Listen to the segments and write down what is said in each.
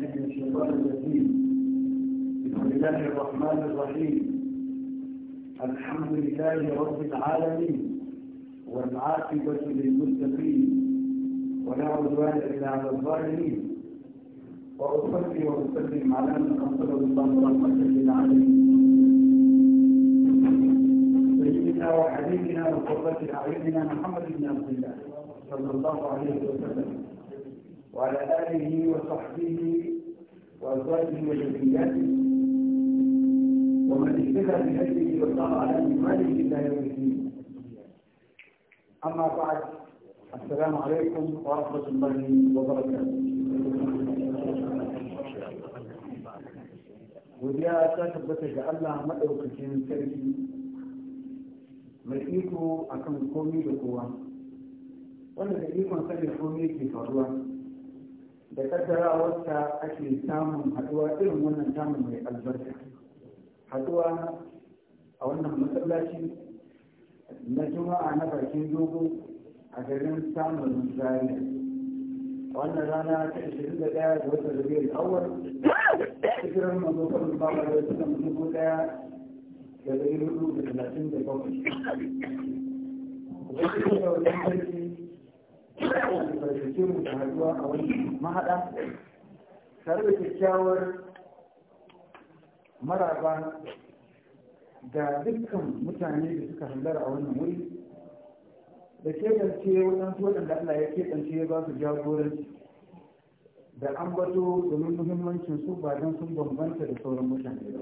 بالله من الشيطان الرجيم بسم الله الرحمن الرحيم الحمد لله رب العالمين والعاقبة للمتقين ولا عدوان إلا على الظالمين وأصلي وأسلم على من أرسله الله رحمة للعالمين سيدنا وحبيبنا وقرة أعيننا محمد بن عبد الله صلى الله عليه وسلم وعلى آله وصحبه وأزواجه وذريته ومن اهتدى بهديه وصار على إيمانه إلى يوم الدين. أما بعد السلام عليكم ورحمة الله وبركاته. وديا أتاك بسجع الله مدعو كتين سيدي مدعيكو أكم قومي بقوة ولا مدعيكو أكم قومي في فروة da kaddarawarsa ake samun haɗuwa irin wannan samun mai albarka haɗuwa a wannan masallaci na juma'a na bakin dogo a garin samun zariya wannan rana ta 21 ga watan rabiyar awar cikin mazo kan babar da suka dubu daya da zai rudu da 37 da bakwai. Wani barkace mu da haduwa a wani mahaɗa tare da kyakkyawar maraba da dukkan mutane da suka hangara a wannan wuri da keɓance waɗansu waɗanda Allah ya keɓance ya ba su jagoranci da ambato domin muhimmancin su ba don sun bambanta da sauran mutane ba.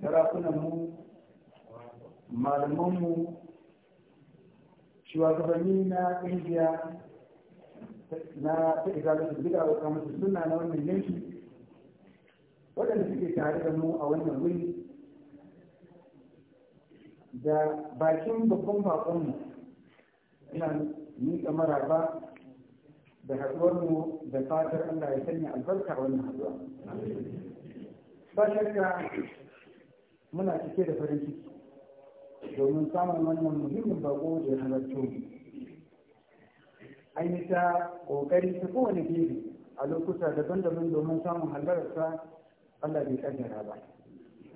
Sarakunanmu, malamanmu, shugabanni na ƙungiya na ta isa da duka abokan musu suna na wannan yanki waɗanda suke tare da mu a wannan wuri da bakin babban bakonmu ina miƙa maraba da haɗuwarmu da fatar Allah ya sanya albarka a wannan haɗuwa. Ba shakka muna cike da farin ciki domin samun wannan muhimmin bako da ya halarto an yi ta ƙoƙari ta kowane gefe a lokuta daban-daban domin samun halararsa Allah bai kaddara ba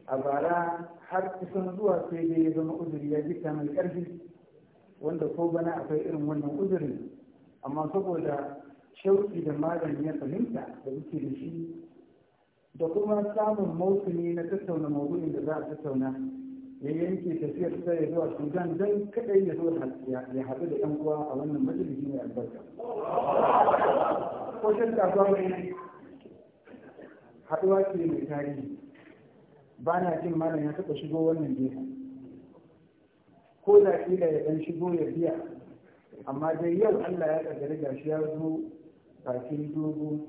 a bara har kusan zuwa sai dai ya zama uzuri ya jika mai ƙarfi wanda ko bana akwai irin wannan uzurin amma saboda shauki da malami ya fahimta da muke da shi da kuma samun mausuni na tattauna maudu'in da za a tattauna ya yanke tafiyar ta ya zuwa sudan don kadai ya zo ya haɗu da 'yan uwa a wannan majalisi mai albarka ko shan kasuwa mai haɗuwa ce mai tarihi ba na jin malam ya taɓa shigo wannan gefe ko da ƙila ya ɗan shigo ya biya amma dai yau allah ya ƙaddari gashi ya zo bakin dogo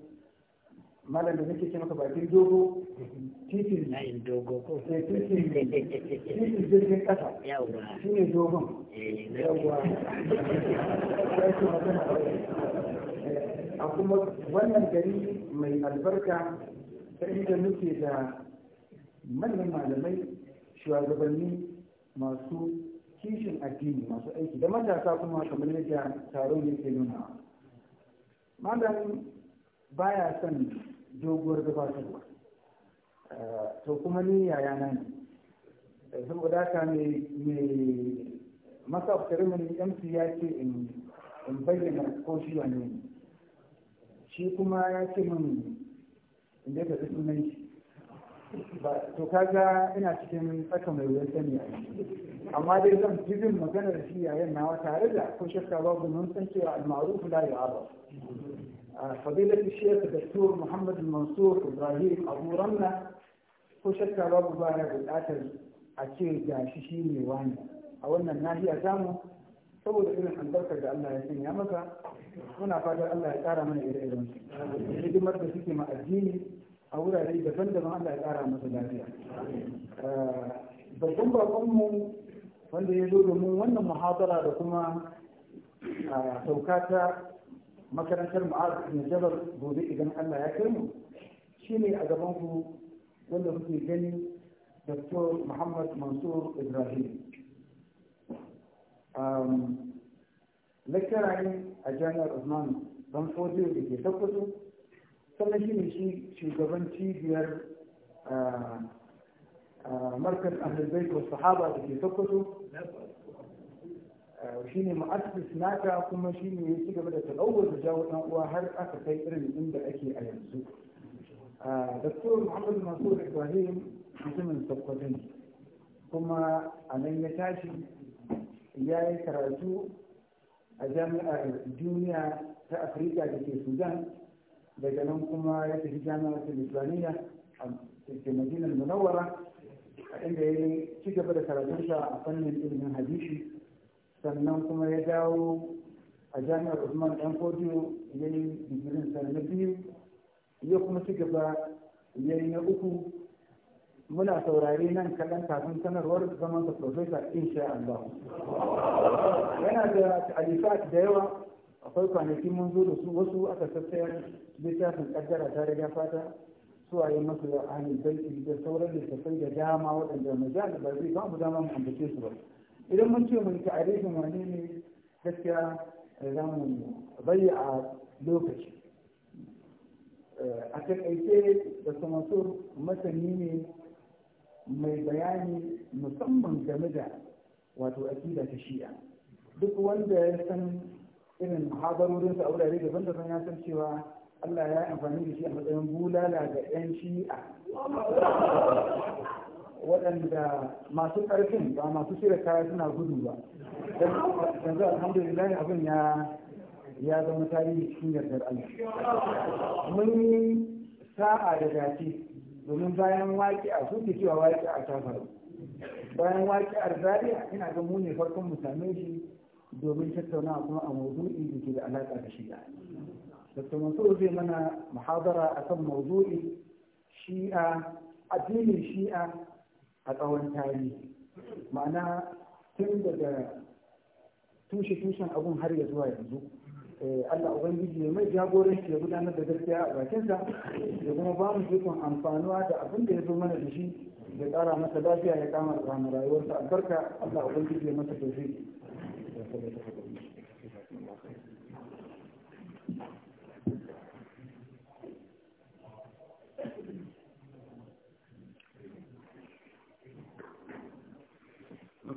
malam da nake ce maka bakin dogo titin na yin dogo ko sai eh, titin titin jirgin kasa yawa shi ne dogon eh, yawa eh, a kuma wannan gari mai albarka ta inda nake da manyan malamai shugabanni masu kishin addini masu aiki da matasa kuma kamar yadda taron yake nuna malam baya son doguwar gabatarwa to kuma ni yaya nan eh, saboda ka mai masa of ceremony mc ya ce in bayyana ko shi wane ne shi kuma ya ce min in dai ka sunan ba to kaga ina cikin tsaka mai wuyan sani a amma dai zan fi maganar shi yayin nawa tare da ko shakka babu mun san cewa al-ma'ruf la yu'arraf فضيلة الشيخ الدكتور محمد المنصور إبراهيم أبو رملة ko shakka babu ba ya buƙatar a ce ga shi ne wani a wannan nahiya samu saboda irin albarkar da Allah ya sanya masa muna fatan Allah ya ƙara mana ire iren hidimar da suke ma addini a wurare daban-daban Allah ya ƙara masa lafiya babban bakon mu wanda ya zo domin wannan muhabara da kuma sauka ta makarantar ma'az da jabal gobe idan Allah ya kirmu shine a gaban ku wanda kuke gani Dr. Muhammad Mansur Ibrahim um, lakcara ne a jami'ar Usman don sojiyo da ke tabbato sannan shi ne shi shugaban cibiyar uh, uh, markar ahlul bait wa sahaba da ke tabbato shi ne ma'asibis nata kuma shi ne ya ci gaba da talawar da jawo ɗan uwa har aka kai irin inda ake a yanzu daktar muhammadu masu ibrahim mutumin sokoto kuma a nan ya tashi ya yi karatu a jami'ar duniya ta afirka da ke sudan daga nan kuma ya tafi jami'ar islamiyya a ke madinar munawwara a inda ya ci gaba da karatunsa a fannin ilimin hadisi sannan kuma ya dawo a jami'ar usman dan kotu ya yi digirin sa na biyu ya kuma ci gaba ya yi na uku muna saurari nan kaɗan kafin sanarwar zaman sa profesa insha Allah yana da alifat da yawa akwai kwanaki mun zo da su wasu aka sassayar littafin ƙaddara tare da fata suwaye masu da ahlul da sauran littattafai da dama waɗanda majal ba zai ba mu dama mu ambace su ba idan mun ce mun ta'arifin wane ne gaskiya eh, za mu a lokaci eh, a takaice da samasu masani ne mai bayani musamman game da wato akida ta shi'a duk wanda ya san irin habarorinsa a wurare daban-daban ya san cewa Allah ya amfani da shi a matsayin bulala ga 'yan shi'a waɗanda masu ƙarfin ba masu shirya kaya suna gudu ba yanzu alhamdulillah abin ya zama tarihi cikin yardar Allah mun yi sa'a da dace domin bayan waƙi a sun cewa waƙi a ta bayan waƙi a zaria ina ga mu ne farkon mu same shi domin tattaunawa kuma a mawdu'i da ke da alaƙa da shi'a Dr. Mansur zai mana muhadara akan mawdu'i shi'a addinin shi'a a tsawon tarihi ma'ana tun daga tushe tushen abun har ya zuwa yanzu eh, Allah Ubangiji ne mai jagoranci ya gudanar da gaskiya a bakinsa ya kuma ba mu ikon amfanuwa da abin da ya zo mana da shi ya tsara masa lafiya ya kama ranar rayuwarsa albarka Allah Ubangiji ya masa tafi.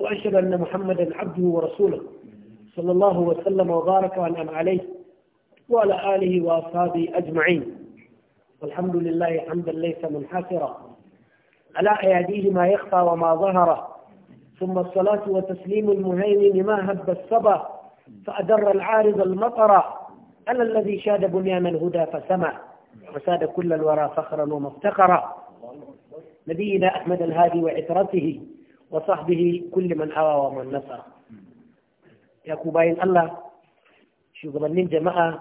وأشهد أن محمدا عبده ورسوله صلى الله وسلم وبارك وأنعم عليه وعلى آله وأصحابه أجمعين والحمد لله حمدا ليس منحسرا على أياديه ما يخفى وما ظهر ثم الصلاة وتسليم المهيمن ما هب الصبا فأدر العارض المطر ألا الذي شاد بنيان الهدى فسمع وساد كل الورى فخرا ومفتخرا نبينا أحمد الهادي وعترته wa sahbihi kulli man awa wa man nasara ya ku bayan Allah shugabannin jama'a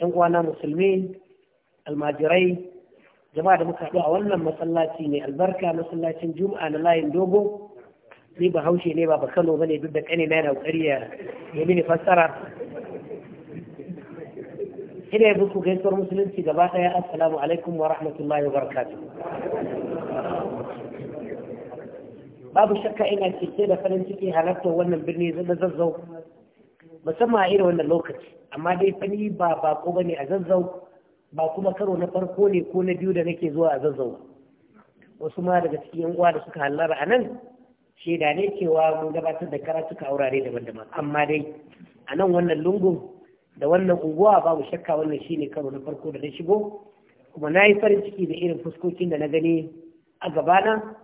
ɗan uwana musulmi almajirai jama'a da muka a wannan masallaci ne albarka masallacin juma'a na layin dogo ni ba haushe ne ba ba kano ba ne duk da ƙane na yana ƙoƙari ya mini fassara ina yi muku gaisuwar musulunci gaba ɗaya assalamu alaikum wa rahmatullahi wa barakatuh babu shakka ina cike da farin ciki halartar wannan birni na zazzau musamman a irin wannan lokaci amma dai fani ba bako ba ne a zazzau ba kuma karo na farko ne ko na biyu da nake zuwa a zazzau wasu ma daga cikin yan uwa da suka hallara a nan shaida ne cewa mun gabatar da karatuka a wurare daban-daban amma dai a nan wannan lungun da wannan unguwa babu shakka wannan shine karo na farko da na shigo kuma na yi farin ciki da irin fuskokin da na gani a gabana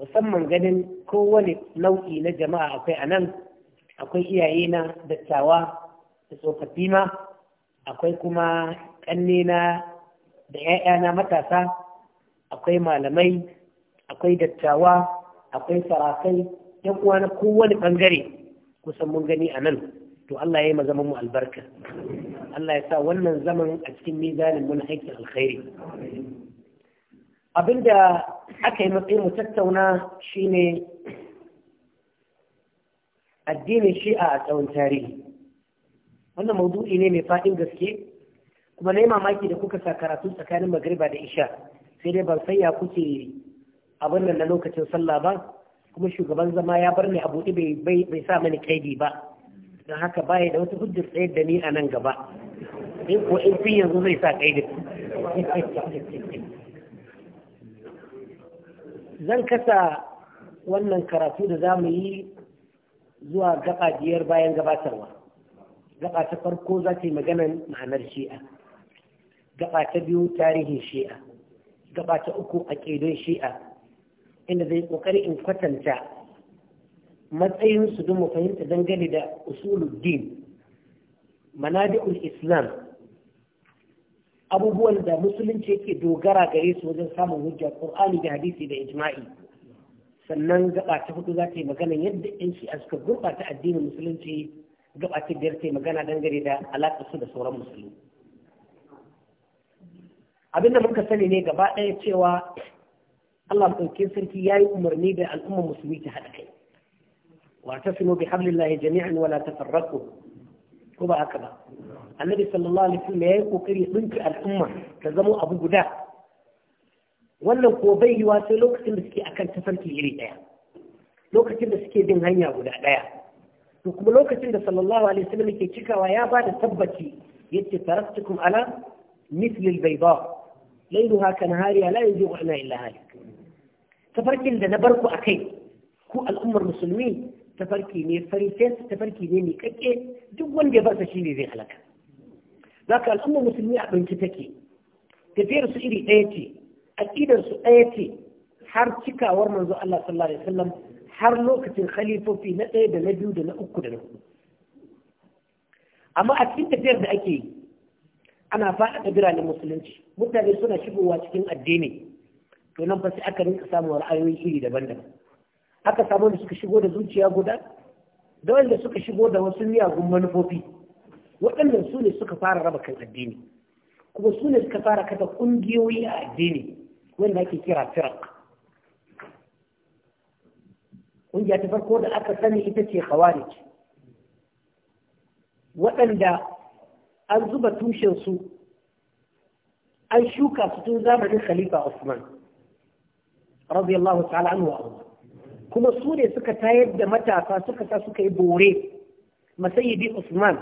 musamman ganin kowane nau'i na jama'a akwai a nan akwai iyaye na dattawa da tsofaffi ma akwai kuma ƙanne na da 'ya'yana matasa akwai malamai akwai dattawa akwai sarakai yan uwa na kowane ɓangare kusan mun gani a nan to Allah ya yi mazaman mu albarka Allah ya sa wannan zaman a cikin mizanin mun aikin alkhairi Abin da aka yi matsayin mu tattauna shine addinin shi'a a tsawon tarihi wannan maudu'i ne mai faɗin gaske kuma na yi mamaki da kuka sa karatu tsakanin magariba da isha sai dai ban ya kuke abin nan na lokacin sallah ba kuma shugaban zama ya bar ni a buɗe bai sa mani kaidi ba don haka baya da wata hujjar tsayar da ni a nan gaba in ko in fi yanzu zai sa kaidi zan kasa wannan karatu da za mu yi zuwa gaba biyar bayan gabatarwa gaba ta farko za ta yi maganan ma'anar shi'a gaba ta biyu tarihin shi'a gaba ta uku a ƙedon shi'a inda zai ƙoƙari in kwatanta matsayinsu don mu fahimta dangane da usuluddin manabi'ul islam abubuwan da musulunci yake dogara gare su wajen samun hujja qur'ani da hadisi da Ijima'i sannan gaba ta hudu za ta yi magana yadda yan shi'a suka gurɓata addinin musulunci gaba ta biyar ta yi magana dangane da alaƙar su da sauran musulmi abinda muka sani ne gaba ɗaya cewa Allah ɗauke sarki ya yi umarni da al'ummar musulmi ta haɗa kai wa ta sino bi hablillahi jami'an wala tafarraqu ko ba haka ba annabi sallallahu alaihi wasallam yayi kokari dinki al'umma ta zama abu guda wannan ko bai yi sai lokacin da suke akan tafarki iri daya lokacin da suke bin hanya guda daya to kuma lokacin da sallallahu alaihi wasallam yake cikawa ya ba da tabbaci yace taraktukum ala mithl al-bayda laylaha kanahariya la ana illa halik tafarkin da na barku akai ku al'ummar musulmi tafarki ne farifes tafarki ne mai kakke duk wanda ya farsa shi ne zai halaka za ka al'ummar musulmi a ɗanki take tafiyar su iri ɗaya ce aƙidar su ɗaya ce har cikawar manzo Allah sallallahu alaihi wasallam har lokacin khalifofi na ɗaya da na biyu da na uku da na hudu amma a cikin tafiyar da ake yi ana faɗaɗa biranen musulunci mutane suna shigowa cikin addini to nan fa sai aka rinka samun ra'ayoyi iri daban-daban aka samu da suka shigo da zuciya guda da wanda suka shigo da wasu miyagun manufofi waɗannan su ne suka fara raba kan addini kuma su ne suka fara kada ƙungiyoyi a addini wanda ake kira firak ƙungiya ta farko da aka sani ita ce khawarij waɗanda an zuba tushensu an shuka su tun zamanin khalifa Usman radiyallahu ta'ala anhu wa kuma su ne suka tayar da matasa suka sa suka yi bore masayidi usman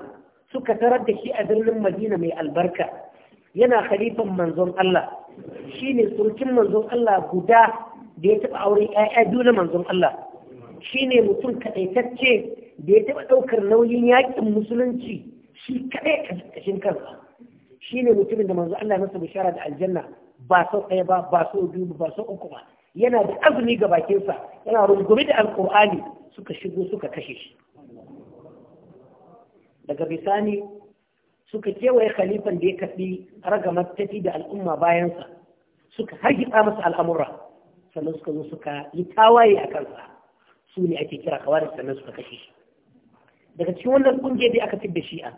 suka tarar da shi a birnin madina mai albarka yana khalifan manzon Allah shi ne surkin manzon Allah guda da ya taɓa auren 'ya'ya biyu na manzon Allah shi ne mutum kaɗaitacce da ya taɓa ɗaukar nauyin yaƙin musulunci shi kaɗai a ƙashin kansa shi ne mutumin da manzon Allah masa bishara da aljanna ba sau ɗaya ba ba sau biyu ba sau uku ba yana da azumi ga bakinsa yana rungume da alkur'ani suka shigo suka kashe shi daga bisani suka kewaye khalifan da ya karɓi ragamar tafi da al'umma bayansa suka hargitsa masa al'amura sannan suka zo suka yi tawaye a kansa su ne ake kira kawarin sannan suka kashe shi daga cikin wannan ƙungiyar da aka fi da shi'a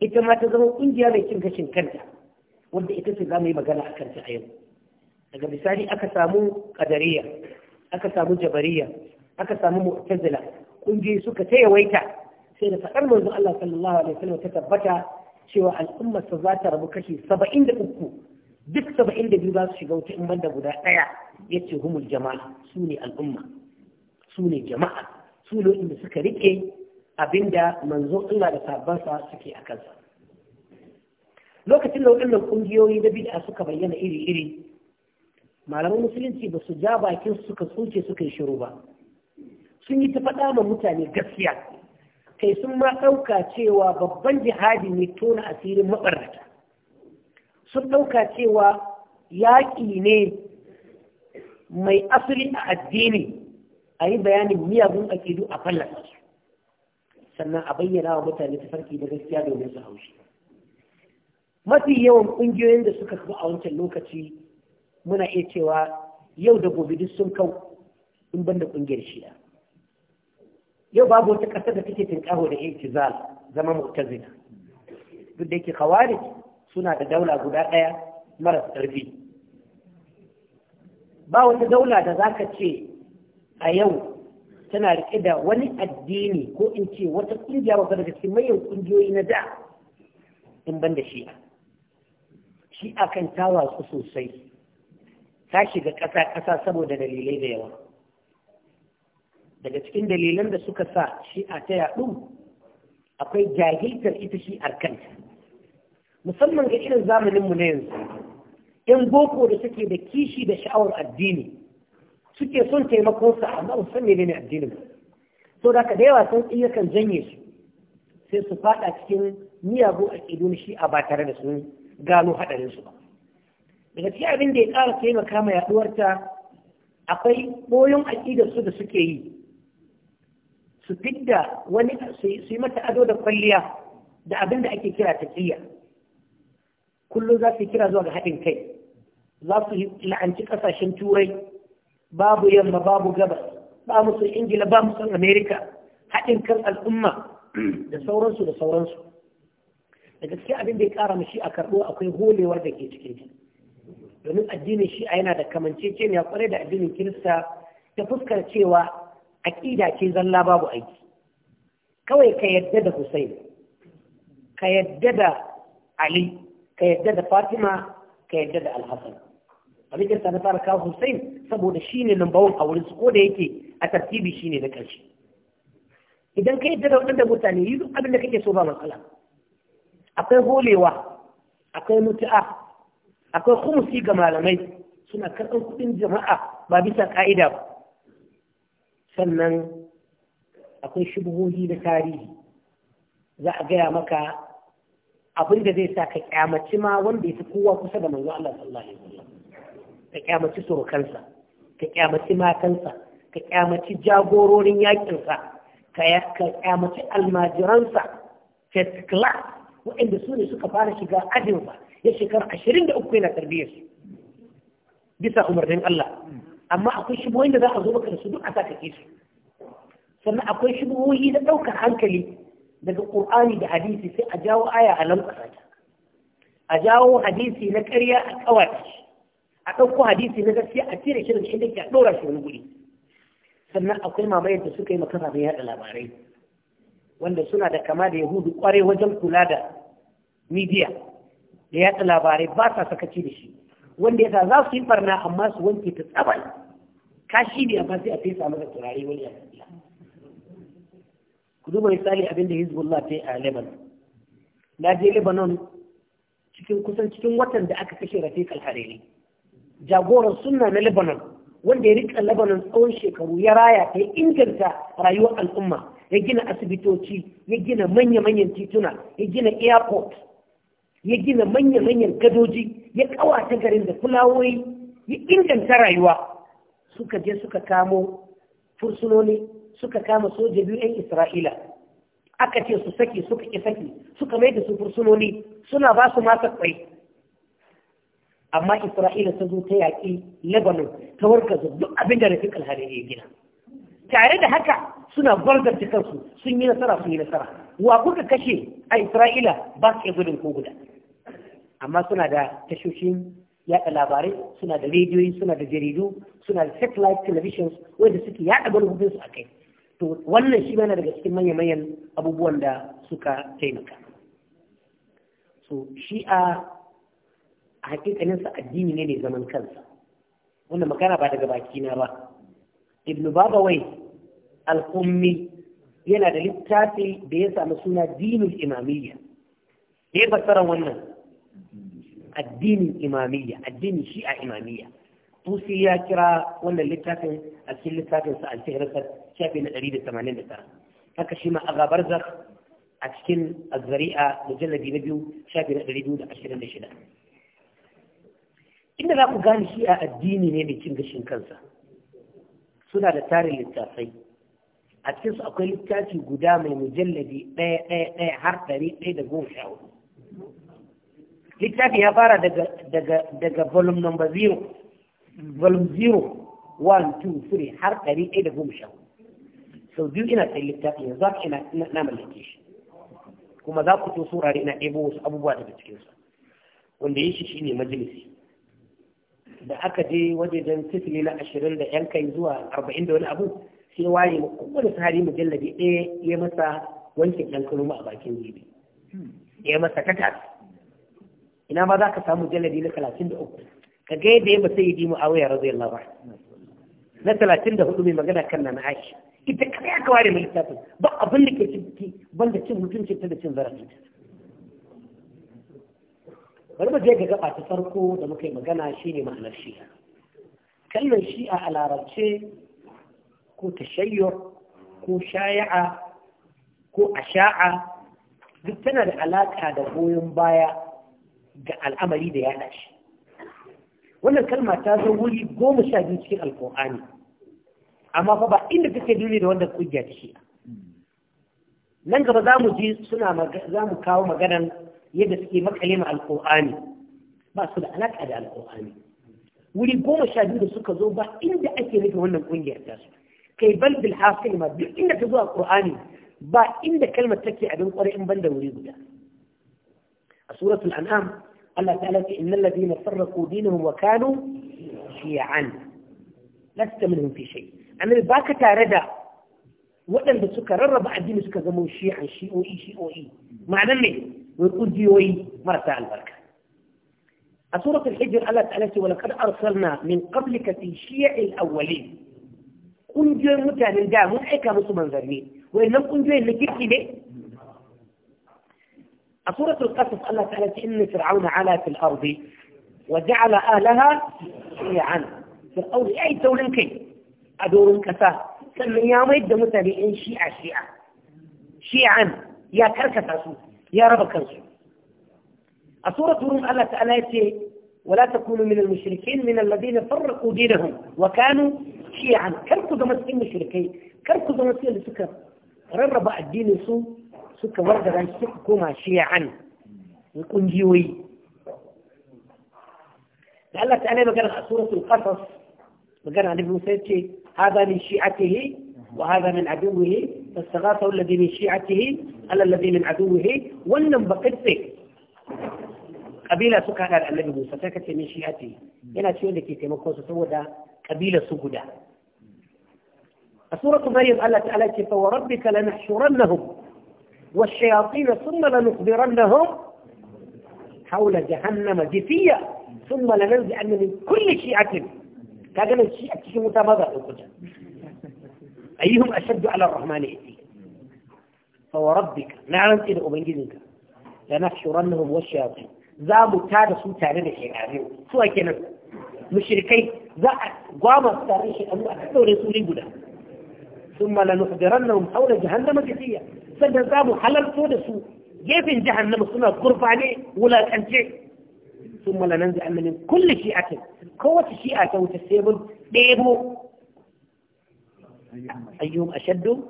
ita ma ta zama ƙungiya mai cin gashin kanta wanda ita ce za mu yi magana a kanta a yau daga bisani aka samu kadariya aka samu jabariya aka samu mu'tazila kungiyoyi suka ta yawaita sai da faɗar manzo Allah sallallahu alaihi wasallam ta tabbata cewa al'ummar sa za ta rabu kashi 73 duk 72 za su shiga wuta in banda guda ɗaya yace humul jama'a su ne al'umma su ne jama'a su ne inda suka rike abinda manzo Allah da sabansa suke a kansa lokacin da waɗannan kungiyoyi na bid'a suka bayyana iri-iri malaman musulunci ba su ja bakin suka tsoce suka yi shiru ba sun yi ta faɗa ma mutane gaskiya kai sun ma ɗauka cewa babban jihadi ne tona asirin maɓarnata sun ɗauka cewa yaƙi ne mai asali a addini a yi bayanin miyagun aƙidu a fallasa sannan a bayyana wa mutane ta farki da gaskiya domin su haushi mafi yawan ƙungiyoyin da suka kafa a wancan lokaci muna iya cewa yau da gobe duk sun kau in ban da ƙungiyar shi'a yau babu wata ƙasar da take tinƙaho da zal zama mu'tazila duk da yake khawarij suna da daula guda ɗaya maras ƙarfi ba wata daula da za ka ce a yau tana riƙe da wani addini ko in ce wata ƙungiya ba daga cikin manyan ƙungiyoyi na da in ban da shi'a shi'a kan tawa su sosai ta shiga ƙasa-ƙasa saboda dalilai da yawa daga cikin dalilan da suka sa shi'a ta yaɗu akwai jahiltar ita shi'ar kanta musamman ga irin zamaninmu na yanzu ‘yan boko da suke da kishi da sha'awar addini suke son taimakonsa amma ba san menene addinin so da ka da yawa sun yakan janye su sai su faɗa cikin miyagun aƙidu na shi'a ba tare da sun gano haɗarinsu ba daga cikin abin da ya ƙara taimaka ma yaduwarta akwai boyon aƙidar su da suke yi su fidda wani su yi mata ado da kwalliya da abin da ake kira taƙiyya kullum za su kira zuwa ga haɗin kai za su la'anci ƙasashen turai babu yamma babu gabas ba mu ingila ba mu amerika haɗin kan al'umma da sauransu da sauransu da cikin abin da ya ƙara mashi a karɓo akwai holewar da ke cikin jini domin addinin shi'a yana da kamanceceniya kwarai da addinin kirista ta fuskar cewa aƙida ce zalla babu aiki kawai ka yadda da husain ka yadda da Ali ka yadda da Fatima ka yadda da Alhassan abin kirista na fara kawo Husain saboda shi ne bawon a wurin su ko da yake a tartibi shi ne na ƙarshe idan ka yadda da waɗanda mutane yi duk abin da kake so ba matsala akwai holewa akwai mutu'a akwai kumusi ga malamai suna karɓar kuɗin jama'a ba bisa ƙa'ida ba sannan akwai shubuhohi na tarihi za a gaya maka abin da zai sa ka kyamaci ma wanda ya fi kowa kusa da manzo Allah sallallahu alaihi wasallam ka kyamaci surukansa ka kyamaci matansa ka kyamaci jagororin yakinsa ka kyamaci almajiransa first class waɗanda su ne suka fara shiga ajin ba ya shekara ashirin da uku yana tarbiyyar su bisa umarnin Allah amma akwai shigoyin da za a zo maka da su duk a sa kake su sannan akwai shigoyi na ɗaukar hankali daga ƙur'ani da hadisi sai a jawo aya a lankwasa ta a jawo hadisi na ƙarya a ƙawata a ɗauko hadisi na gaskiya a cire shi daga inda ke a ɗora shi wani guri sannan akwai mamayar da suka yi makasa mai yaɗa labarai wanda suna da kama da yahudu ƙwarai wajen kula da midiya da yaɗa labarai ba sa sakaci da shi wanda sa za su yi barna amma su wanke ta tsabar kashi ne amma sai a fesa masa turare wani yasa ku duba misali abin da hezbollah ta yi a lebanon na je lebanon cikin kusan cikin watan da aka kashe rafi al ne. jagoran sunna na lebanon wanda ya rika lebanon tsawon shekaru ya raya ta inganta rayuwar al'umma ya gina asibitoci ya gina manya-manyan tituna ya gina airport ya gina manya-manyan gadoji ya kawata garin da fulawoyi ya inganta rayuwa suka je suka kamo fursunoni suka kama soja biyu 'yan isra'ila aka ce su saki suka ƙi saki suka mai da su fursunoni suna ba su masa kwai amma isra'ila ta zo ta yaƙi lebanon ta warkaza duk abin da rafi kalhari ya gina tare da haka suna gwargarta kansu sun yi nasara sun yi nasara wa kuka kashe a isra'ila ba su iya gudun ko guda amma suna da tashoshin yaɗa labarai suna da rediyoyi suna da jaridu suna da satellite televisions wanda suke yada manufofinsu a kai to wannan shi yana daga cikin manya-manyan abubuwan da suka taimaka so shi a sa addini ne ne zaman kansa wannan magana ba daga baki na ba ibnu babawai al-ummi yana da littafi da ya samu suna dinul imamiyya ya fassara wannan addinin imamiyya addinin shi'a imamiyya tusi ya kira wannan littafin a cikin littafin sa al-sihrasar shafi na tara, haka shi ma a gabarzak a cikin azzari'a mujallabi na biyu shafi na 226 inda za ku gane shi'a addini ne mai cin gashin kansa suna da tarin littafai a cikin su akwai littafi guda mai mujallabi ɗaya ɗaya ɗaya har ɗari ɗaya da goma sha hudu littafin ya fara daga daga daga volume number zero volume zero one two three har 114 sau biyu ina sai littafin yanzu haka ina na mallake shi kuma za ku to surare ina ɗebo wasu abubuwa daga cikinsa wanda ya shi shi ne majalisi da aka je wajejen sifili na ashirin da yan kai zuwa arba'in da wani abu sai waye ma kowane sahari mujallabi ɗaya ya masa wanke ɗan kalma a bakin jibi hmm. ya masa katas ina ma za ka samu jalabi na talatin da uku ka ga yadda ya dimu a yi razu radiyallahu anhu na talatin da hudu mai magana kan nan aiki. ita kai aka ware mai littafin ba abin da ke ciki ban da cin mutunci ta da cin zarafi bari mu je ga gaba ta farko da muka yi magana shine ma'anar shi'a Kallon shi'a a larabce ko tashayyur ko shaya'a ko asha'a duk tana da alaka da goyon baya ga al'amari da yaɗa shi wannan kalma ta zo wuri goma sha biyu cikin alƙur'ani amma fa ba inda kake dole da wannan kungiya ta shi nan gaba za mu ji suna za mu kawo maganan yadda suke makale ma alƙur'ani ba su da alaƙa da alƙur'ani wuri goma sha biyu da suka zo ba inda ake nufin wannan kungiyar ta su kai bal bil hasil ma duk inda ka zo a qur'ani ba inda kalmar take abin ƙwarai in banda wuri guda سورة الأنعام قال تعالى إن الذين فرقوا دينهم وكانوا شيعا لست منهم في شيء أنا باك تاردا وأن بسكا ربع الدين سكا زمو شيعا شيئوئي شيئوئي معنى من ويقول ديوئي مرتاع البركة سورة الحجر قال تعالى ولقد أرسلنا من قبلك في شيع الأولين كن جوئي متى من دا من حكا مصمان ذرمين وإنما كن جوئي لكيكي سورة القصص الله تعالى إن فرعون على في الأرض وجعل آلها شيعا في الأرض أي دولة كي أدور كفا سمي يا ميد متابعين شيعة شيعة شيعا يا كركة يا رب كرسو سورة روم الله تعالى ولا تكونوا من المشركين من الذين فرقوا دينهم وكانوا شيعا كركو دمت المشركين كركو دمت الفكر رب الدين يصوم suka wargaran suka koma shi'an ƙungiyoyi da Allah ta ne magana a suratul qasas magana da Musa yace hada min shi'atihi wa hada min aduwihi fastaghatha alladhi min shi'atihi ala alladhi min aduwihi wannan bakatse kabila suka hada da Annabi Musa sai kace min shi'atihi yana ce wanda ke taimako su saboda kabila su guda a suratul maryam Allah ta'ala ce fa rabbika lanahshurannahum والشياطين ثم لنخبرنهم حول جهنم جثية ثم لننزعن من كل شيعة كان الشيعة تشمو تمضى أيهم أشد على الرحمن إثيا فوربك نعم إلى أبنجدك لنحشرنهم والشياطين زابوا mu tada su سوى da shekaru su ake nan mushrikai za a gwamar tare ثم لنحضرنهم حول جهنم جثية سنزام حلال فودسو جيف جهنم سنة قرب عليه ولا أنجع ثم لننزع من كل شيئة قوة شيئة وتسيب ديبو أيهم أشد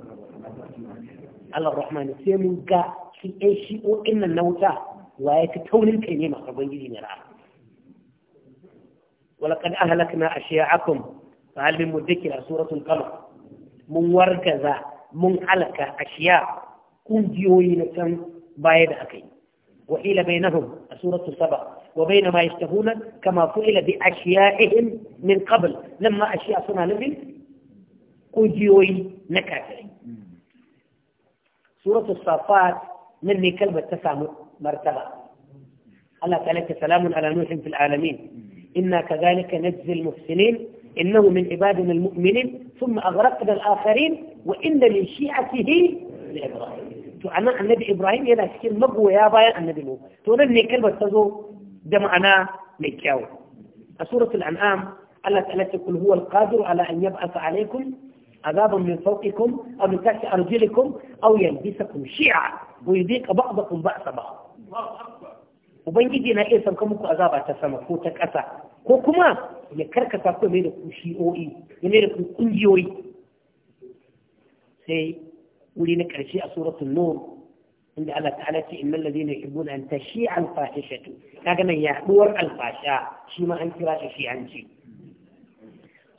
على الرحمن سيمن كا في أي شيء إن النوتا ويتكون الكلمة ربنا جدين رعا ولقد أهلكنا أشياعكم فهل من مذكرة سورة القمر mun wargaza mun halaka ashiya kungiyoyi na can baya da aka yi wa ila bainahum a suratu saba wa baina ma yashtahuna kama fu'ila bi ashiya'ihim min qabl lamma ashiya suna nufin kungiyoyi na kafirai suratu safat nan ne kalmar ta samu martaba Allah ta lake salamun ala nuhin fil alamin inna kadhalika najzi al muhsinin إنه من عبادنا المؤمنين ثم أغرقنا الآخرين وإن من شيعته لإبراهيم to anan annabi Ibrahim yana cikin magoya bayan annabi Nuh to nan ne kalmar ta zo da ma'ana mai kyau a suratul an'am Allah ta'ala ce kul huwa al-qadir ala an yab'atha alaykum azaban min fawqikum aw min tahti arjulikum aw yalbisakum shi'a wa yudiqa ba'dakum ba'sa ba'd ubangiji na iya sanka muku azaba ta sama ko ta ƙasa ko kuma ya karkasa ku mai da ku shi'o'i ya mai da ku ƙungiyoyi sai wuri na ƙarshe a suratul nur inda Allah ta'ala ce innal ladina yuhibbuna an tashi'a al-fahishatu kaga nan yaduwar al-fasha shi ma an kira shi an ce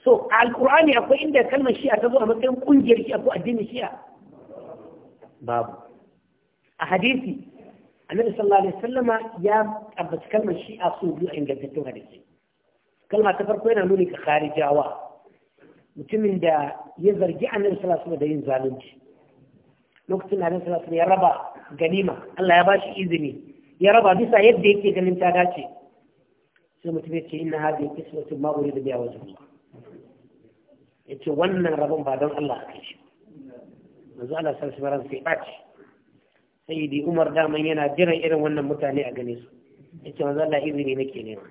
so a alqur'ani akwai inda kalmar shi'a ta zo a matsayin kungiyar shi'a ko addinin shi'a babu a hadisi annabi sallallahu alaihi wasallama ya tabbata kalmar shi'a sun biyu a ingantattun hadisi kalma ta farko yana nuni ga kharijawa mutumin da ya zargi annabi sallallahu alaihi da yin zalunci lokacin da annabi sallallahu ya raba ganima Allah ya bashi izini ya raba bisa yadda yake ganin ta dace sai mutum ya ce inna hadhihi qismatun ma urida biha wajh Allah yace wannan rabon ba don Allah ake shi manzo Allah sallallahu alaihi sai bace sayyidi Umar daman yana jiran irin wannan mutane a gane su yace manzo Allah izini nake nema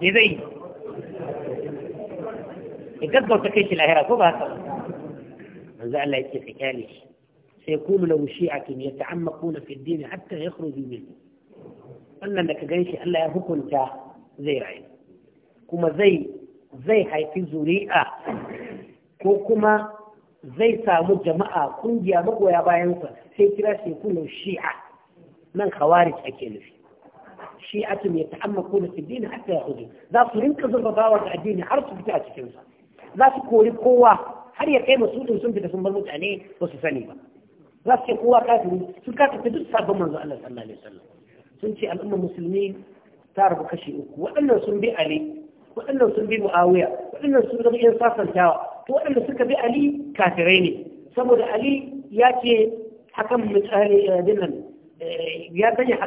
me zai yi ya gaggauta kai shi lahira ko ba haka ba manzo Allah yake ka kyale shi sai kulu lahu shi'atun yata'ammaquna fi ad-din hatta yakhruju min wannan da ka ganshi Allah ya hukunta zai rayu kuma zai zai haifi zuri'a ko kuma zai samu jama'a kungiya magoya bayansa sai kira shi kulu shi'a nan khawarij ake nufi شيعة يتعمقون في الدين حتى يعودوا ذا سرنكز الرضاوة الدين حرص بتاع تكنسا ذا سكوري قوة har ya kai masu sun fita sun bar mutane ba su sani ba za su ce kowa kafiri sun ka tafi duk sabon manzo Allah sallallahu alaihi wasallam sun ce al'ummar musulmi ta rabu kashi uku waɗannan sun bi Ali waɗannan sun bi Muawiya waɗannan sun zama yan sasantawa to waɗanda suka bi Ali kafirai ne saboda Ali ya ce hakan mutane dinnan ya sanya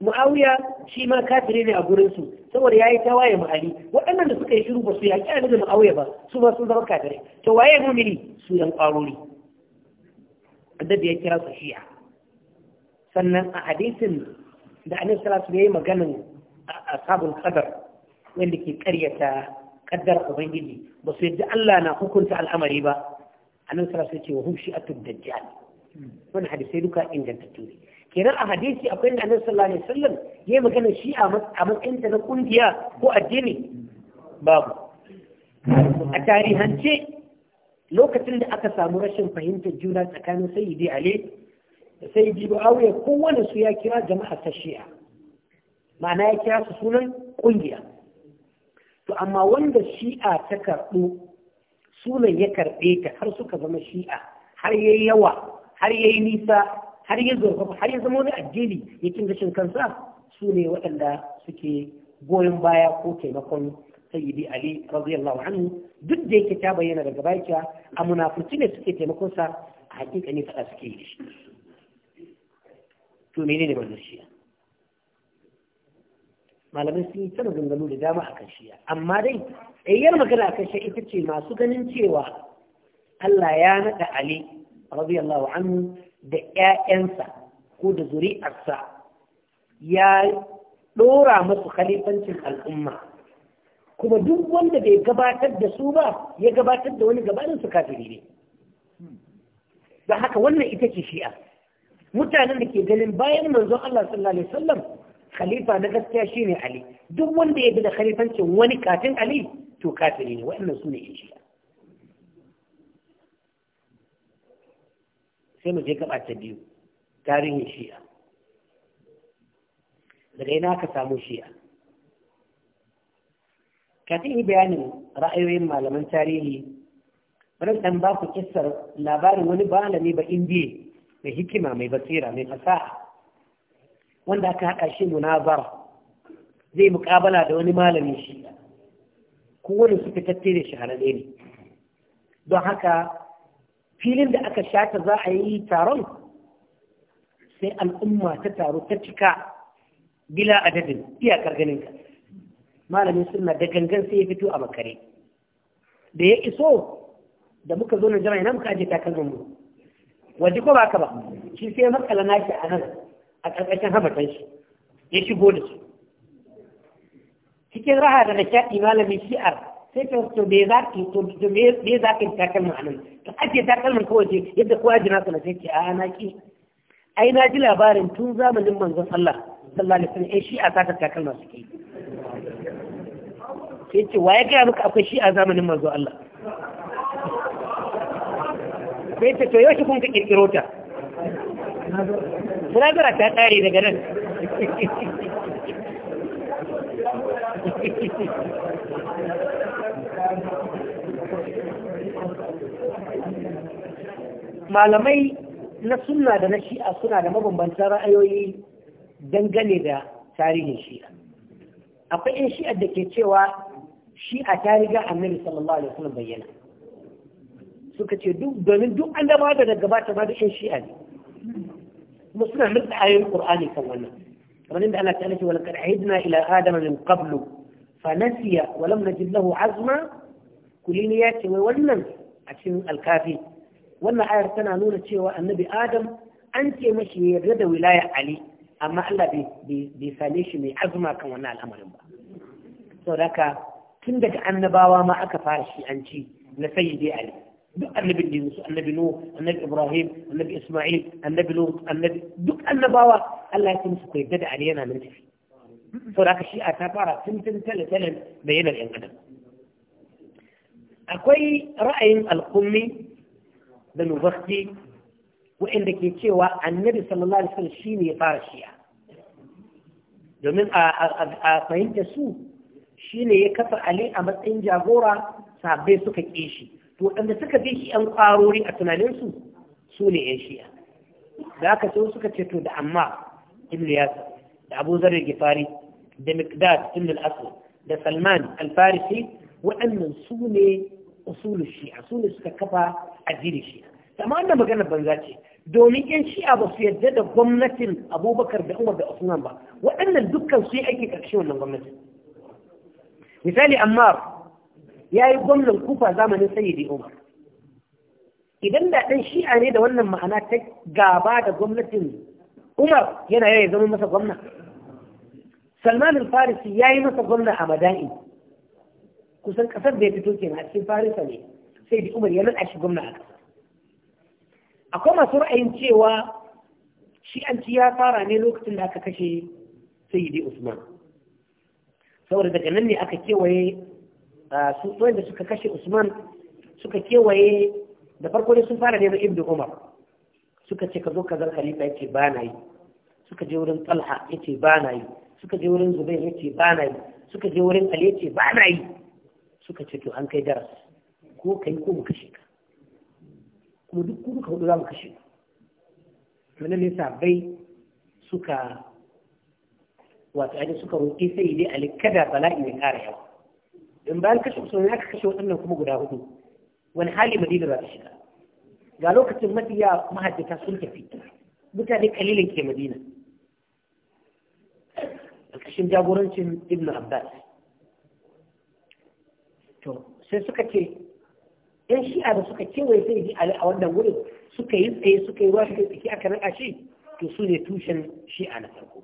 muawiya shi ma kafire ne a gurinsu saboda ya yi tawaye ma'ali waɗannan da suka yi shiru ba su yaƙi da muawiya ba su ma sun zama kafire to waye mumini su yan ƙwarori annabi ya kira su shi'a sannan a hadisin da annabi sallallahu alaihi maganin ashabul qadar wanda ke ƙaryata kaddar ubangiji ba su yadda Allah na hukunta al'amari ba annabi sallallahu alaihi wasallam ya ce wa hum shi'atud dajjal wannan hadisi duka ingantattu ne kenan a hadisi akwai da annabi sallallahu alaihi wasallam ya yi magana shi a matsayin ta na kungiya ko addini babu a tarihance lokacin da aka samu rashin fahimtar juna tsakanin sayyidi ali da sayyidi muawiya kowanne su ya kira jama'a ta shi'a ma'ana ya kira su sunan kungiya to amma wanda shi'a ta karɓo sunan ya karɓe ta har suka zama shi'a har yayi yawa har yayi nisa har ya zurfafa har ya zama wani addini yakin cin gashin kansa su ne waɗanda suke goyon baya ko taimakon sayyidi ali radiyallahu anhu duk da yake ta bayyana daga baya a munafurci ne suke taimakon sa a hakika ne faɗa suke yi to menene manzon shi'a Malamin sun yi ta maganganu da dama a kan amma dai tsayyar magana a kan ita ce masu ganin cewa Allah ya naɗa Ali radiyallahu anhu da ‘ya'yansa ko da zuri'arsa ya ɗora masu khalifancin al'umma kuma duk wanda bai gabatar da su ba ya gabatar da wani gabanin su kafiri ne da haka wannan ita ce shi'a mutanen da ke ganin bayan manzon Allah sallallahu alaihi khalifa na gaskiya shine Ali duk wanda ya bi da khalifancin wani kafin Ali to kafiri ne waɗannan su ne shi'a sai mu je gaba ta biyu tarihin shi'a daga ina ka samu shi'a kafin yi bayanin ra'ayoyin malaman tarihi bari dan ba ku kissar labarin wani balami ba indiya mai hikima mai basira mai fasaha wanda aka haɗa shi mu na munazara zai muƙabala da wani malamin shi'a kowane suka tattare shahararre ne don haka filin da aka shata za a yi taron sai al'umma ta taru ta cika gila a dadin iyakar ganinka malamin suna da gangan sai ya fito a makare da ya iso da muka zo na jama'a na muka aje takalmanmu waje ko ba ka ba shi sai makala nashi a nan a ƙarƙashin hamatan shi ya shigo da su cikin raha da shaɗi malamin shi'ar sai ta wato me za ka yi takalmin a nan ake ajiye kalmar kawai ce yadda kowa jina suna ce ce a na ki ai na ji labarin tun zamanin manzon Allah sallallahu alaihi wasallam eh, shi a ta takalma suke sai ce waye gaya muka akwai shi a zamanin manzon Allah sai ce to yau shi kun ka kirkiro ta sinadara ta tsare daga nan malamai na sunna da na shi'a suna da mabambantan ra'ayoyi dangane da tarihin shi'a akwai in shi'a da ke cewa shi'a ta riga annabi sallallahu alaihi wasallam bayyana suka ce duk domin duk an dama da gabata ma da shi'a ne kuma suna nutsa ayoyin qur'ani kan wannan kamar inda Allah ta'ala ce wa laqad ahidna ila adama min qablu fa nasiya wa lam najid lahu azma kulini ya ce wai wannan a cikin alkafi wannan ayar tana nuna cewa annabi adam an ce mashi yarda da wilaya ali amma Allah bai same shi mai azuma kan wannan al'amarin ba Sau da haka tun daga annabawa ma aka fara shi an ci na sayyidi ali duk annabin da Yusuf annabi Nuh annabi Ibrahim annabi Isma'il annabi Lut annabi duk annabawa Allah ya ce musu kai da Ali yana nan tafi Sau saboda haka shi'a ta fara tun tun tale tale da yanar yan adam akwai ra'ayin al'ummi. da waɗanda waɗanda ke cewa annabi sallallahu alaihi wasallam shine ya fara shi'a domin a fahimta su shine ya kafa ali a matsayin jagora sabai suka ƙi shi to waɗanda suka bi shi ƴan ƙwarori a tunaninsu su ne ƴan shi'a da aka so suka ce to da amma ibn yasir da abu zarar gifari da miqdad ibn al da salman al-farisi waɗannan su ne usulul shi'a sune suka kafa addinin shi'a amma wannan magana banza ce domin yan shi'a ba su yarda da gwamnatin abubakar da umar da usman ba waɗannan dukkan su yi aiki ƙarshe wannan gwamnatin. misali ammar ya yi gwamnan kufa zamanin sayyidi umar idan da ɗan shi'a ne da wannan ma'ana ta gaba da gwamnatin umar yana yaya zama masa gwamna salman al-farisi ya yi masa gwamna a madain kusan kasar da ya fito kenan a cikin farisa ne sai da umar ya a shi gwamna a kasa akwai masu ra'ayin cewa shi an ci ya fara ne lokacin da aka kashe yi usman saboda daga nan ne aka kewaye su wanda suka kashe usman suka kewaye da farko ne sun fara neman ibn umar suka ce ka zo ka zar khalifa ce ba na yi suka je wurin talha ce ba na yi suka je wurin zubair ce ba na yi suka je wurin ali ce ba na yi suka ce to an kai daras ko kai ko mu kashe ka kuma duk ku ka hudu za mu kashe ka wannan ne sabai suka wato ainihin suka roƙi sai dai ali kada bala'i mai ƙara yawa in bayan kashe usman aka kashe waɗannan kuma guda hudu wani hali madina za ta shiga ga lokacin mafiya mahajjata sun tafi mutane kalilin ke madina a ƙarshen jagorancin ibn abbas to sai suka ce yan shi'a da suka kewaye sai ji ali a wannan wurin suka yi tsaye suka yi wasu tsaki aka naɗa shi to su ne tushen shi'a na farko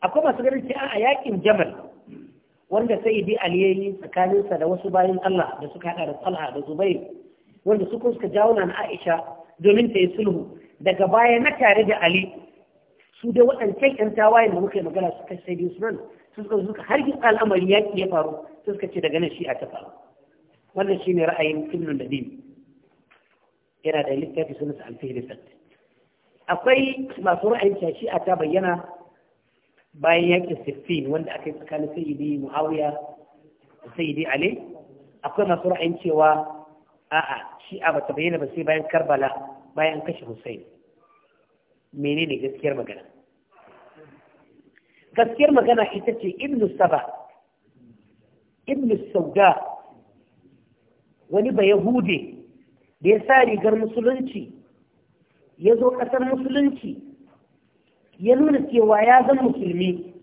akwai masu ganin ce a yakin jamal wanda sai bi ali yayi tsakaninsa da wasu bayan Allah da suka hada da Talha da Zubair wanda su suka jawo na Aisha domin ta yi sulhu daga baya na tare da Ali su dai waɗancan ƴan tawayen da muka yi magana suka sai da Usman su suka zuka har yi al'amari ya ya faru su suka ce daga nan shi a ta faru wannan shi ne ra'ayin kullun da dini yana da littafi sunan sa alfihri akwai masu ra'ayin cewa shi a ta bayyana bayan yakin siffin wanda aka yi tsakanin sayyidi muawiya da sayyidi ali akwai masu ra'ayin cewa a'a shi a bata bayyana ba sai bayan karbala bayan kashe hussein menene gaskiyar magana gaskiyar magana ita ce ibnu saba ibnu sauda wani ba yahude da ya sa rigar musulunci ya zo ƙasar musulunci ya nuna cewa ya zan musulmi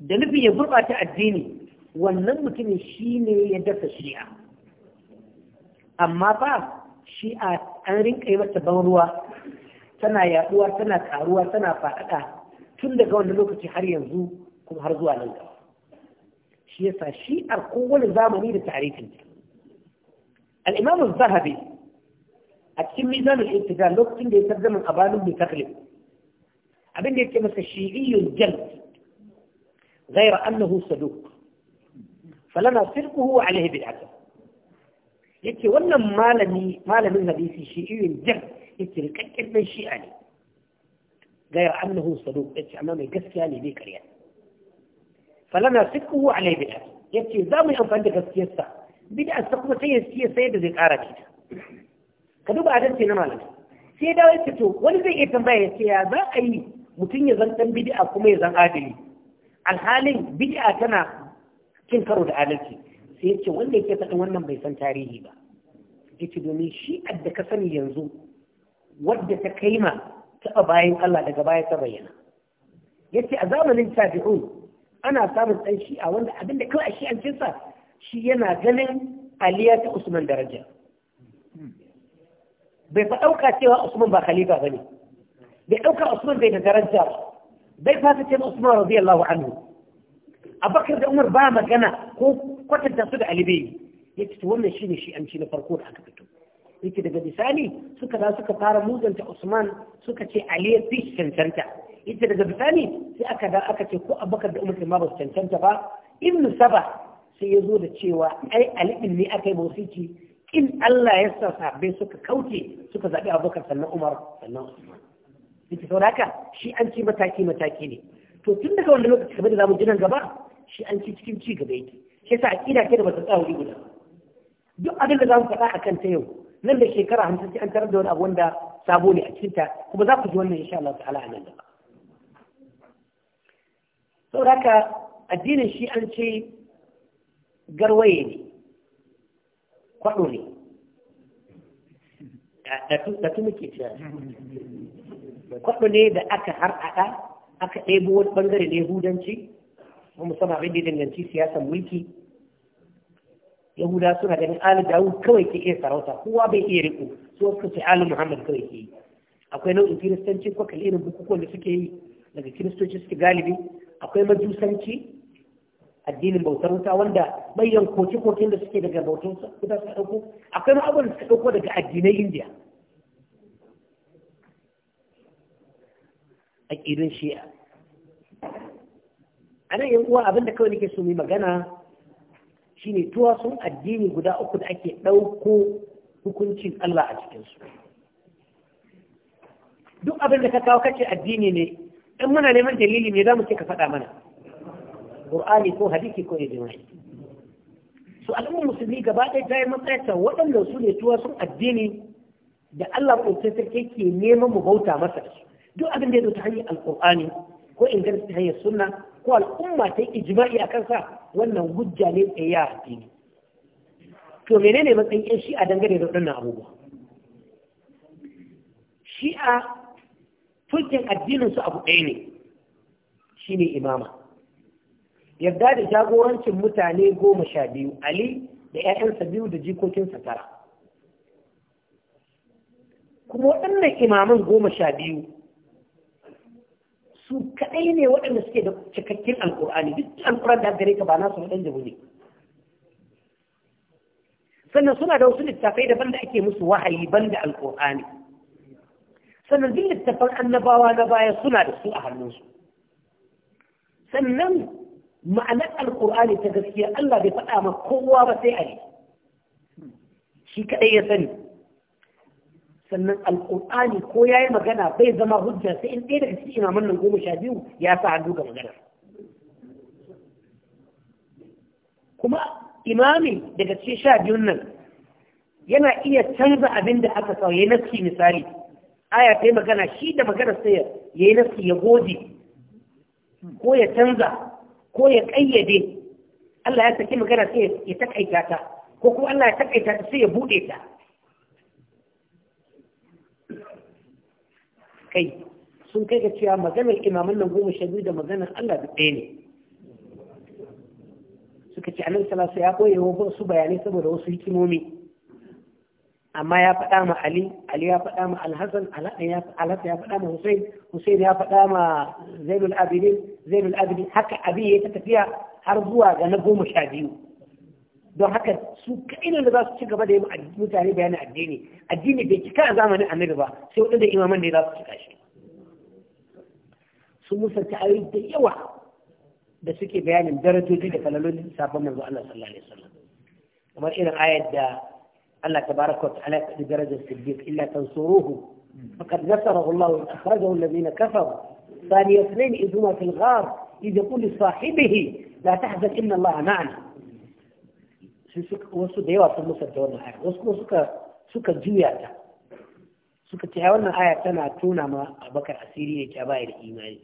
da nufin ya gurɓata addini wannan mutumin shi ne ya dasa shi'a amma ba shi'a an rinka yi mata ban ruwa tana yaduwa tana karuwa tana faɗaɗa تند كون لوك تحري ينزو كم هرزو على الله شيء فشيء القوة الزامنية للتعريف الإمام الذهبي أتم ميزان الاعتدال لوك تند يتبدأ من قبال بتغلب أبن يتمس الشيعي الجلد غير أنه صدوق فلنا صدقه عليه بالعكس يتي ولا مال مال من هذه الشيء يجر يتي الكثير من شيء عليه غير أنه صدوق يتي أما مي قسكيا لي بي كريا فلنا صدقه عليه بدعة يتي زامي أنفان دي قسكيا سا بدعة سقوة سيسكيا سيد ذي قارة كده كدوب عدد سينا مالك sai dawo ya fito wani zai iya tambaya ya ce ya za a yi mutum ya zan dan bid'a kuma ya zan adali alhalin bid'a tana cin karo da adalci sai ya ce wanda yake faɗin wannan bai san tarihi ba yace domin shi da ka sani yanzu wadda ta kai ma. taɓa bayan Allah daga baya ta bayyana yace a zamanin tabi'un ana samun ɗan shi'a wanda abinda da kawai shi an shi yana ganin aliya ta usman daraja bai fa ɗauka cewa usman ba khalifa ba ne bai ɗauka usman bai da daraja bai fata ce usman radiyallahu anhu abakar da umar ba magana ko kwatanta su da alibi ya ce wannan shine shi'anci na farko da aka fito yake daga bisani suka za suka fara muzanta Usman suka ce Ali ya fi cancanta ita daga bisani sai aka da aka ce ko Abubakar da Umar ma ba su cancanta ba in Saba sai ya zo da cewa ai Ali din ne aka yi wasiki in Allah ya sa sahabbai suka kauce suka zabi Abubakar sannan Umar sannan Usman yake saboda haka shi an ci mataki mataki ne to tun daga wanda lokaci kamar da zamu ji nan gaba shi an ci cikin ci gaba yake shi yasa aqida ke da bata tsawuri guda duk abin da zamu faɗa akan ta yau nan da shekara hamsin ce an tarar da wani abu wanda sabo ne a cikinta kuma za ku ji wannan insha Allah ta'ala a nan gaba saboda haka addinin shi an ce garwaye ne kwaɗo ne da tu muke cewa kwaɗo ne da aka harhaɗa aka ɗebo wani ɓangare ne hudanci, kuma musamman abin da ya danganci siyasar mulki yahuda suna ganin ali dawud kawai ke iya sarauta kowa bai iya riko su suka ce ali muhammad kawai ke yi akwai nau'in kiristanci ko kalli irin bukukuwan da suke yi daga kiristoci suke galibi akwai majusanci addinin bautar wuta wanda bayan koke-koken da suke daga bautar wuta suka ɗauko akwai ma'abuwan da suka ɗauko daga addinai indiya a ƙirin shi'a a nan yan uwa abinda kawai nake so mu magana shine tuwasun addini guda uku da ake ɗauko hukuncin Allah a cikinsu duk abin da ka kawo kace addini ne in muna neman dalili ne za mu ce ka faɗa mana Al-ƙur'ani ko hadisi ko ijma'i su al'ummar musulmi gaba ɗaya ta yi matsayarta waɗanda su ne tuwasun addini da Allah ko sarki ke neman mu bauta masa da duk abin da ya zo ta hanyar alƙur'ani ko inganta ta hanyar sunna ko al'umma ta yi ijma'i a kansa wannan hujja ne ta ya addini to menene matsayin yan shi'a dangane da waɗannan abubuwa shi'a fulkin addinin su abu ɗaya ne shine imama yarda da jagorancin mutane goma sha biyu ali da 'ya'yansa biyu da jikokinsa tara kuma waɗannan imaman goma sha biyu su kaɗai ne waɗanda suke da cikakken alƙur'ani duk alƙur'an da gare ka ba nasu waɗan jabu ne sannan suna da wasu littafai daban da ake musu wahayi ban da alƙur'ani sannan duk littafan annabawa na baya suna da su a hannunsu sannan ma'anar alƙur'ani ta gaskiya Allah bai faɗa ma kowa ba sai a shi kaɗai ya sani sannan alƙur'ani ko ya yi magana bai zama hujja sai in ɗaya daga cikin imaman nan goma sha biyu ya sa hannu ga magana kuma imami daga cikin sha biyun nan yana iya canza abin da aka kawo ya yi nafsi misali aya ta yi magana shi da magana sai ya yi nafsi ya gode ko ya canza ko ya ƙayyade Allah ya saki magana sai ya takaita ta ko kuma Allah ya takaita ta sai ya buɗe ta kai sun kai ga cewa maganar imaman nan goma sha da maganar Allah da ɗaya ne suka ce annabi salasa ya koye wasu bayanai saboda wasu hikimomi amma ya faɗa ma Ali Ali ya faɗa ma Alhassan alhassan ya faɗa ma Hussein Hussein ya faɗa ma Zainul Abidin Zainul Abidin haka abin ya ta tafiya har zuwa ga na goma sha biyu don haka su kaɗai ne da za su ci gaba da yi mutane bayanin addini addini bai cika a zamanin annabi ba sai waɗanda imaman ne za su cika shi sun musanta ayoyi da yawa da suke bayanin darajoji da falaloli sabon manzo Allah sallallahu alaihi wasallam kamar irin ayat da Allah tabaraka wa ta'ala ya darajar siddiq illa tansuruhu faqad nasarahu Allah wa akhrajahu alladhina kafaru ثاني اثنين إذ هما في الغار إذ يقول لصاحبه لا تحزن إن الله معنا sai wasu da yawa sun da wannan aya wasu kuma suka suka juya ta suka ce wannan aya tana tona ma abakar asiri ya ce bayar da imani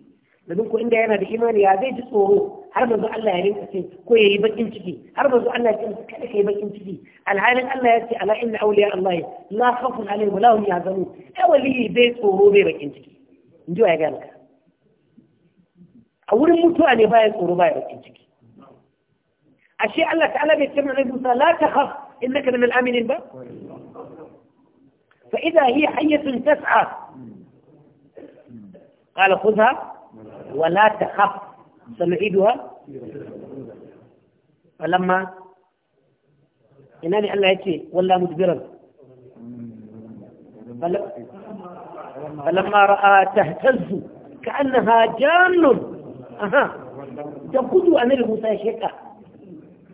domin ko inda yana da imani ya zai ji tsoro har manzo Allah ya rinka ce ko yayi bakin ciki har manzo Allah ya ce kada kai bakin ciki alhalin Allah ya ce ala inna awliya Allah la khafun alaihi wala hum yahzanun ai wali bai tsoro bai bakin ciki in ji ya ga a wurin mutuwa ne baya tsoro baya bakin ciki أشياء الله تعالى بيتكلم عن موسى لا تخف إنك من الآمنين بقى فإذا هي حية تسعى قال خذها ولا تخف سنعيدها فلما إنني الله يكفي ولا مدبرا فلما رأى تهتز كأنها جان أها تقود أمير موسى شكا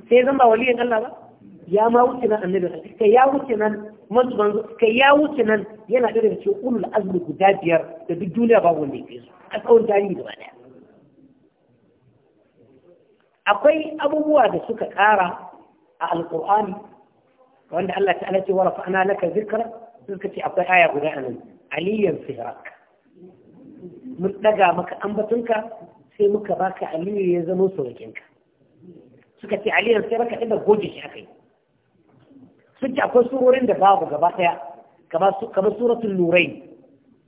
sai zan ba waliyin Allah ba ya ma wuce nan annabi kai ya wuce nan manzo kai ya wuce nan yana da cikin ulul azmi guda biyar da duk duniya babu wanda yake su a tsawon tarihi gaba daya akwai abubuwa da suka kara a alqur'ani wanda Allah ta'ala ce wa rafa'na laka zikra suka ce akwai aya guda anan aliyan sihrak mun daga maka ambatunka sai muka baka aliyu ya zama surukinka suka ce aliyar sai baka ɗin da goge shi aka yi sun ce akwai surorin da babu gaba ɗaya kamar suratul nurai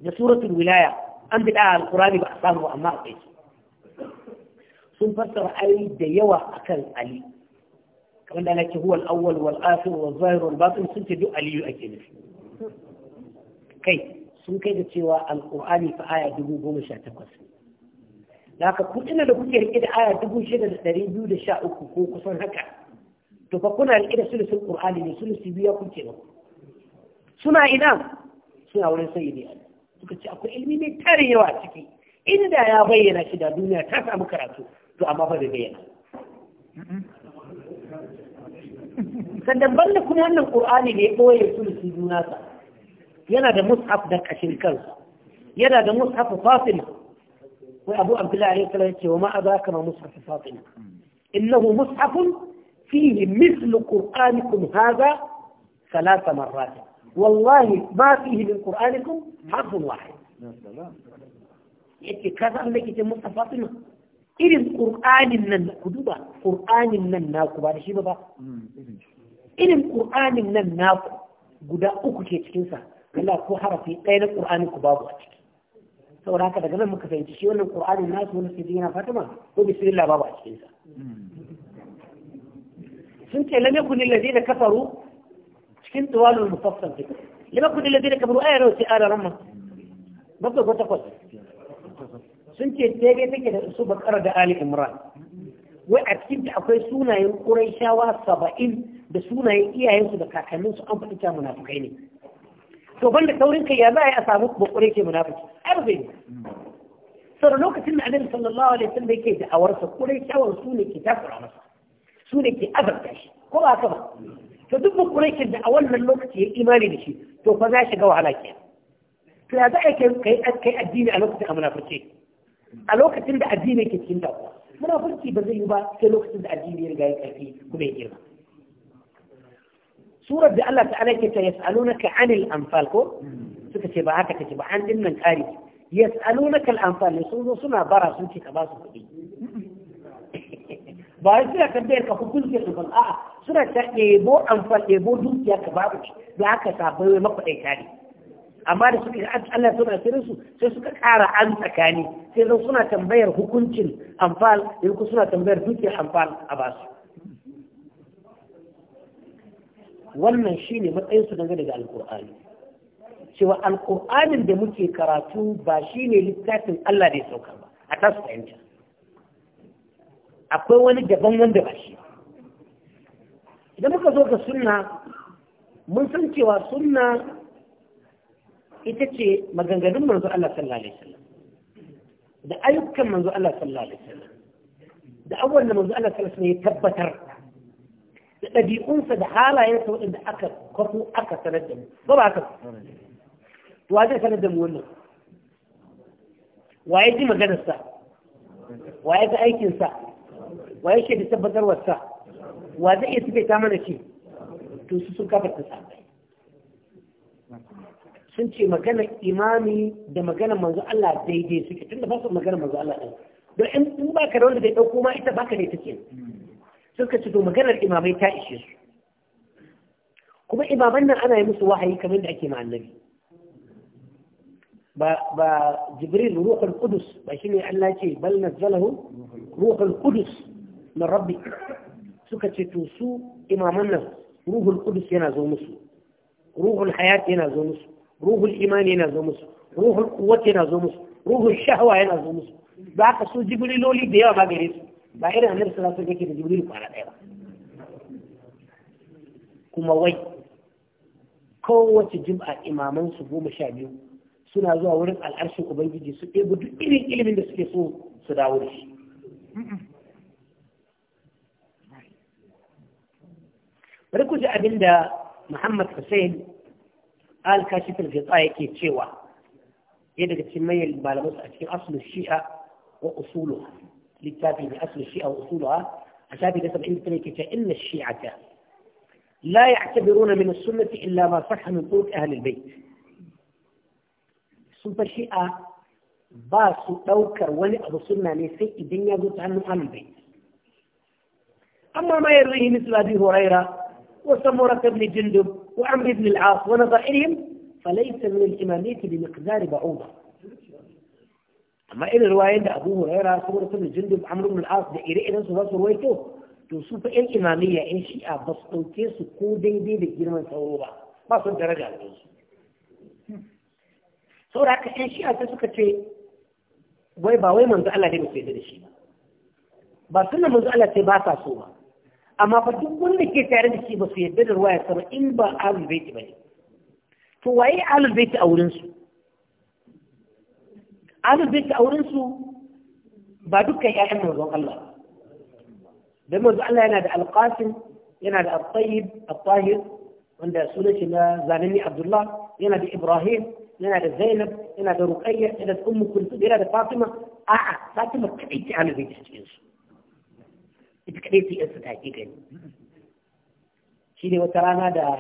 da suratul wilaya an bi ɗaya alkurani ba a samu amma akwai su sun fassara ayoyi da yawa akan ali kamar da nake huwal awwal wal akhir wal zahir wal batin sun ce duk aliyu ake nufi kai sun kai da cewa alkurani fa aya dubu goma sha takwas ne haka kuɗin da kuke rike da aya dubu shida da ɗari biyu da sha uku ko kusan haka to fa kuna rike da sulusun qur'ani ne sulusi biyu ya kuke ba suna ina suna wurin sayi ne suka ce akwai ilimi mai tarin yawa a ciki inda ya bayyana shi da duniya ta samu karatu to amma fa bai bayyana sannan banda kuma wannan ƙur'ani da ya ɓoye sulusi biyu nasa yana da mushaf da kashin kansa yana da mushaf fasil wai abu الله عليه السلام يقول وما أدراك ما مصحف فاطمة إنه مصحف فيه مثل قرآنكم هذا ثلاث مرات والله ما فيه من قرآنكم حرف واحد yake ka san da kike musta fatima irin qur'anin nan ku duba qur'anin nan naku ba da shi ba irin qur'anin nan naku guda uku ke cikin sa Allah ko harafi ɗaya na qur'anin ku babu a ciki سورة هكذا قبل ما كفيت شيء ولا القرآن الناس من السيدين فاتما هو بيصير إلا بابا عشيزة سنتي لم يكن الذين كفروا شكين طوال المفصل فيك لم يكن الذين كفروا أي رو سئالة رمى بطل قوة قوة سنتي التابعي تجد أصوبك أرد آل إمران وأكتب لأكوي سونا يوم قريشا واسبعين بسونا يوم إياه يوم سبكا كمين سأمبر إتا منافقيني to banda taurin kai ya za a samu bakure ke munafiki ai ba zai yi sau lokacin da annabi sallallahu alaihi wasallam yake da'awarsa kurai kyawun su ne ke takura masa su ne ke azabta shi ko ba haka ba to duk bakurai ke da a wannan lokaci ya imani da shi to fa za shiga wahala ke to ya za a kai kai addini a lokacin a munafurci a lokacin da addini ke cikin dawo munafurci ba zai yi ba sai lokacin da addini ya riga ya karfi kuma ya girma surar da Allah ta'ala ke ta yas'alunaka 'anil anfal ko suka ce ba haka kace ba an nan kari yas'alunaka al-anfal sun zo suna bara sun ce ka ba su kuɗi ba wai suna tambayar ka hukunci su ba a'a suna ta ɗebo amfan ɗebo dukiya ka babu ci da haka ta sabai wai makwaɗai tare amma da suka yi Allah suna sirrin su sai suka kara an tsakani sai suna tambayar hukuncin amfal yanku suna tambayar dukiyar amfal a basu wannan shine matsayin su dangane da alkur'ani cewa alkur'anin da muke karatu ba shine littafin Allah da ya sauka ba a tasu fahimta akwai wani daban wanda ba shi idan muka zo ga sunna mun san cewa sunna ita ce maganganun manzo Allah sallallahu alaihi wasallam da ayyukan manzo Allah sallallahu alaihi wasallam da abubuwan da manzo Allah sallallahu alaihi wasallam ya tabbatar da ɗabi'unsa da halayensa waɗanda aka kwafo aka sanar da mu ba ba aka to wa zai sanar da mu wannan wa ya ji maganarsa wa ya ga aikinsa wa ya shaida tabbatarwarsa wa zai iya tafaita mana ce to su sun kafa ta sun ce maganar imami da maganar manzo Allah daidai suke tunda ba su maganar manzo Allah ɗin don in ba ka da wanda bai ɗauko ma ita baka ne take suka ci to maganar imamai ta ishe su kuma imaman nan ana yi musu wahayi kamar da ake ma annabi ba ba jibril ruhul qudus ba shine Allah ce bal nazalahu ruhul qudus min rabbi suka ce to su imaman nan ruhul qudus yana zo musu ruhul hayat yana zo musu ruhul iman yana zo musu ruhul quwwat yana zo musu ruhul shahwa yana zo musu ba ka su jibriloli da yawa ba gare su ba irin annabi sallallahu alaihi wasallam yake da jibril kwana ɗaya ba kuma wai kowace jum'a imaman su goma sha biyu suna zuwa wurin al'arshin ubangiji su ɗebo duk irin ilimin da suke so su dawo da shi bari ku abin da muhammad hussein al-kashif al ke yake cewa ya daga cikin mayan malamansu a cikin asulun shi'a wa usuluha للتابع بأصل الشيعة وأصولها الشافعي نسب عند تنيك إن الشيعة لا يعتبرون من السنة إلا ما صح من طرق أهل البيت السنة الشيعة باسو توكر ولي أبو سنة نسي إذن عنه أهل البيت أما ما يرويه مثل أبي هريرة وسمورة بن جندب وعمر بن العاص ونظائرهم فليس من الإمامية بمقدار بعوضة amma irin ruwayen da abu huraira saboda kuma jindin amurin al'as da ire-iren su za su ruwaito to su fa yan imamiyya yan shi'a ba su ɗauke su ko daidai da girman sauro ba ba su daraja da su saboda haka yan shi'a sai suka ce wai ba wai manzo Allah ne ba sai da shi ba ba sunna manzo Allah sai ba sa so ba amma fa duk wanda ke tare da shi ba su yadda da ya sama in ba ahlul bait bane to waye ahlul bait a wurin su أنا البيت أورنسو بادوكا يا حمد رضو الله لما الله ينادى القاسم ينادى الطيب الطاهر عند سورة زانني عبد الله ينادى إبراهيم ينادى زينب ينادى رقية ينادى أم كلثوم ينادى فاطمة آه فاطمة كعيتي أهل البيت أورنسو إتكعيتي أسد هاتيكين شيني وترانا دا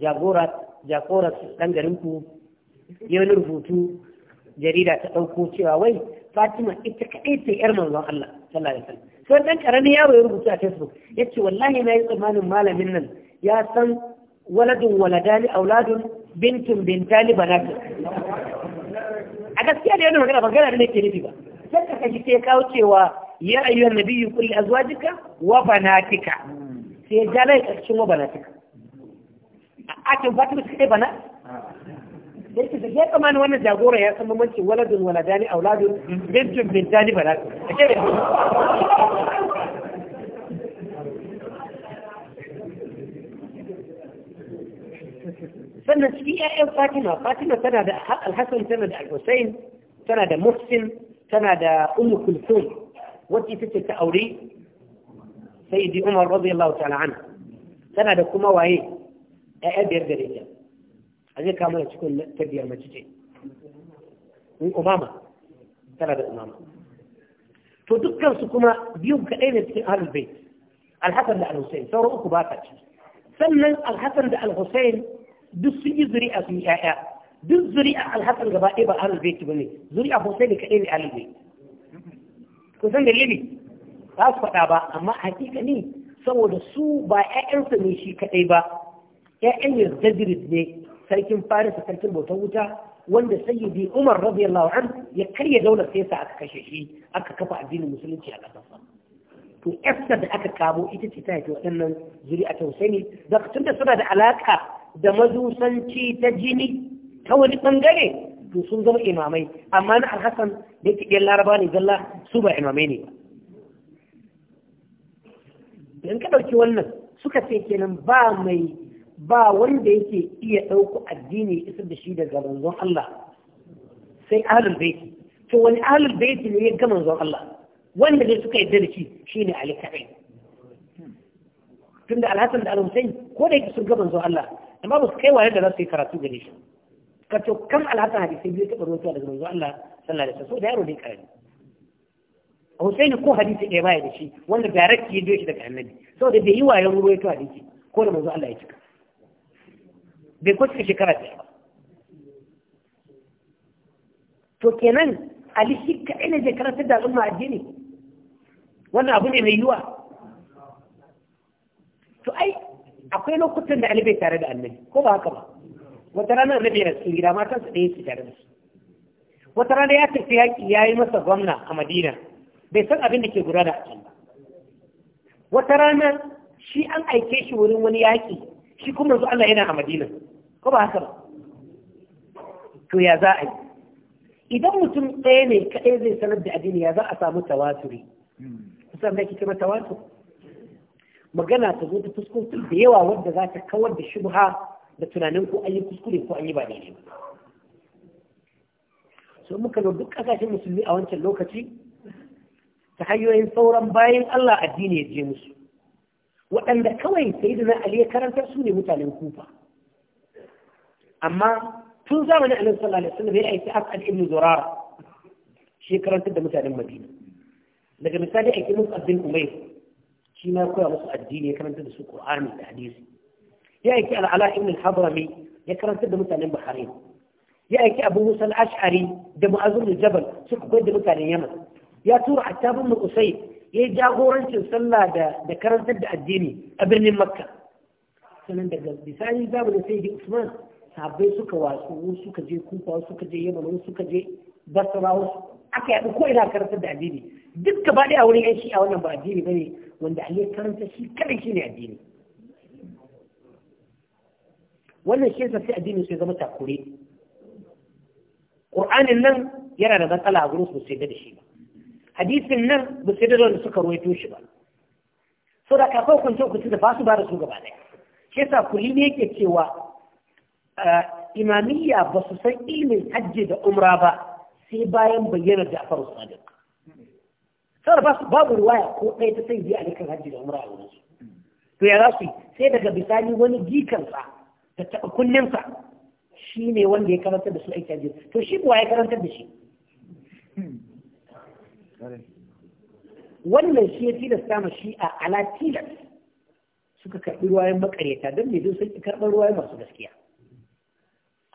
جاكورة جاكورة تنقرنكو يونر فوتو jarida ta ɗauko cewa wai fatima ita kaɗai ta yar manzon Allah sallallahu alaihi wasallam sai dan karami yaro ya rubuta a facebook yace wallahi na yi tsammanin malamin nan ya san waladun waladani auladun bintun bintali banat a gaskiya da yana magana magana da nake nufi ba sai ka kaji ke kawo cewa ya ayyuhan nabiyyu kulli azwajika wa banatika sai ya ja lai ƙarshen wa banatika a akin fatima sai bana da yake da ya kamani wannan jagora ya san mamancin waladun waladani auladun bintun bintani bala sannan cikin 'ya'yan fatima fatima tana da alhassan tana da alhussein tana da muhsin tana da umu kulthum wacce ita ce ta aure sai umar radiyallahu ta'ala anhu tana da kuma waye 'ya'ya biyar gare ta a zai kama da cikin ta biyar mace ce in umama tana da umama to dukkan su kuma biyu kaɗai ne cikin ahlul bait alhassan da al-husayn sauran uku ba ta ci sannan alhassan da al-husayn duk sun yi zuri'a sun yi ƴaƴa duk zuri'a alhassan gaba ɗaya ba ahlul bait bane zuri'a husayn kaɗai ne ahlul bait kun san dalili ba su faɗa ba amma hakika ne saboda su ba ƴaƴansa ne shi kaɗai ba ƴaƴan Yazdajirid ne sarkin farisa sarkin bautan wuta wanda sayyidi umar radiyallahu an ya karya daular sai sa aka kashe shi aka kafa addinin musulunci a ƙasar to Esther da aka kamo ita ce ta haifi waɗannan zuri'a ta Husaini da tunda suna da alaka da mazusanci ta jini ta wani bangare to sun zama imamai amma na alhassan da yake ɗiyar laraba ne zalla su ba imamai ne ba idan ka ɗauki wannan suka ce kenan ba mai ba wanda yake iya ɗauko addini isar da shi daga manzon Allah sai ahlul baiti to wani ahlul baiti ne ya ga manzon Allah wanda ne suka yarda da shi shine Ali kadai tunda Al-Hasan da Al-Husayn ko da yake sun ga manzon Allah amma ba su kai wayar da za su yi karatu gare shi ka to kan Al-Hasan hadisi biyu ta barwato daga manzon Allah sallallahu alaihi wasallam da yaro ne karami Husayn ko hadisi ɗaya baya da shi wanda direct ya biyo shi daga annabi saboda bai yi wayan ruwaito hadisi ko da manzon Allah ya cika bai kwace shekara ta. ba to kenan ali shi kaɗai ne karanta da al'umma addini wannan abu ne mai yiwa to ai akwai lokutan da ali bai tare da annabi ko ba haka ba wata rana annabi yana sun gida matansa ɗaya su tare da su wata rana ya tafi yaƙi ya yi masa gwamna a madina bai san abin da ke gudana a can ba wata rana shi an aike shi wurin wani yaƙi shi kuma zuwa Allah yana a Madina ko ba haka ba to ya za a yi idan mutum ɗaya ne kaɗai zai sanar da addini ya za a samu tawaturi kusan da kike mata wato magana ta zo ta fuskoki da yawa wadda za ta kawar da shubha da tunanin ko an yi kuskure ko an yi ba daidai ba so muka lura duk kasashen musulmi a wancan lokaci ta hanyoyin sauran bayan Allah addini ya je musu waɗanda kawai sai da na Ali ya karanta su ne mutanen kufa amma tun zamanin annabi sallallahu alaihi wasallam ya aiki As'ad ibn Zurara shi karantar da mutanen Madina daga misali aiki musu bin Umayr shi ma koya musu addini ya karanta da su Qur'ani da hadisi ya aiki al'ala ala ibn Al-Hadrami ya karantar da mutanen Bahrain ya aiki Abu Musa Al-Ash'ari da Mu'azz bin Jabal suka koyar da mutanen Yaman ya tura Attab bin Usayd ya yi jagorancin sallah da da karantar da addini a birnin Makka sanan daga bisani zamanin Sayyidi Usman sabai suka watsu wasu suka je kufa suka je yamma wasu suka je basra wasu aka yaɗu ko ina karantar da addini duk gaba ɗaya wurin yan a wannan ba addini bane wanda ali karanta shi kadai ne addini wannan shi yasa sai addini sai zama takure Qur'anin nan yana da matsala a gurin su da shi ba hadisin nan ba sai da wanda suka ruwaito shi ba saboda kafin kun ce da ba su ba da su gaba ɗaya shi yasa kuli ne yake cewa imamiyya ba su san ilimin hajji da umra ba sai bayan bayyana afar Sadiq sai ba babu ruwaya ko ɗaya ta sai biya alikan hajji da umra a wurin su to ya za su sai daga bisani wani jikansa da taɓa kunninsa shi ne wanda ya karanta da su aiki hajji to shi kuwa ya karanta da shi wannan shi ya tilasta ma shi a ala tilas suka karɓi ruwayen makareta don ne don sun karɓar ruwayen masu gaskiya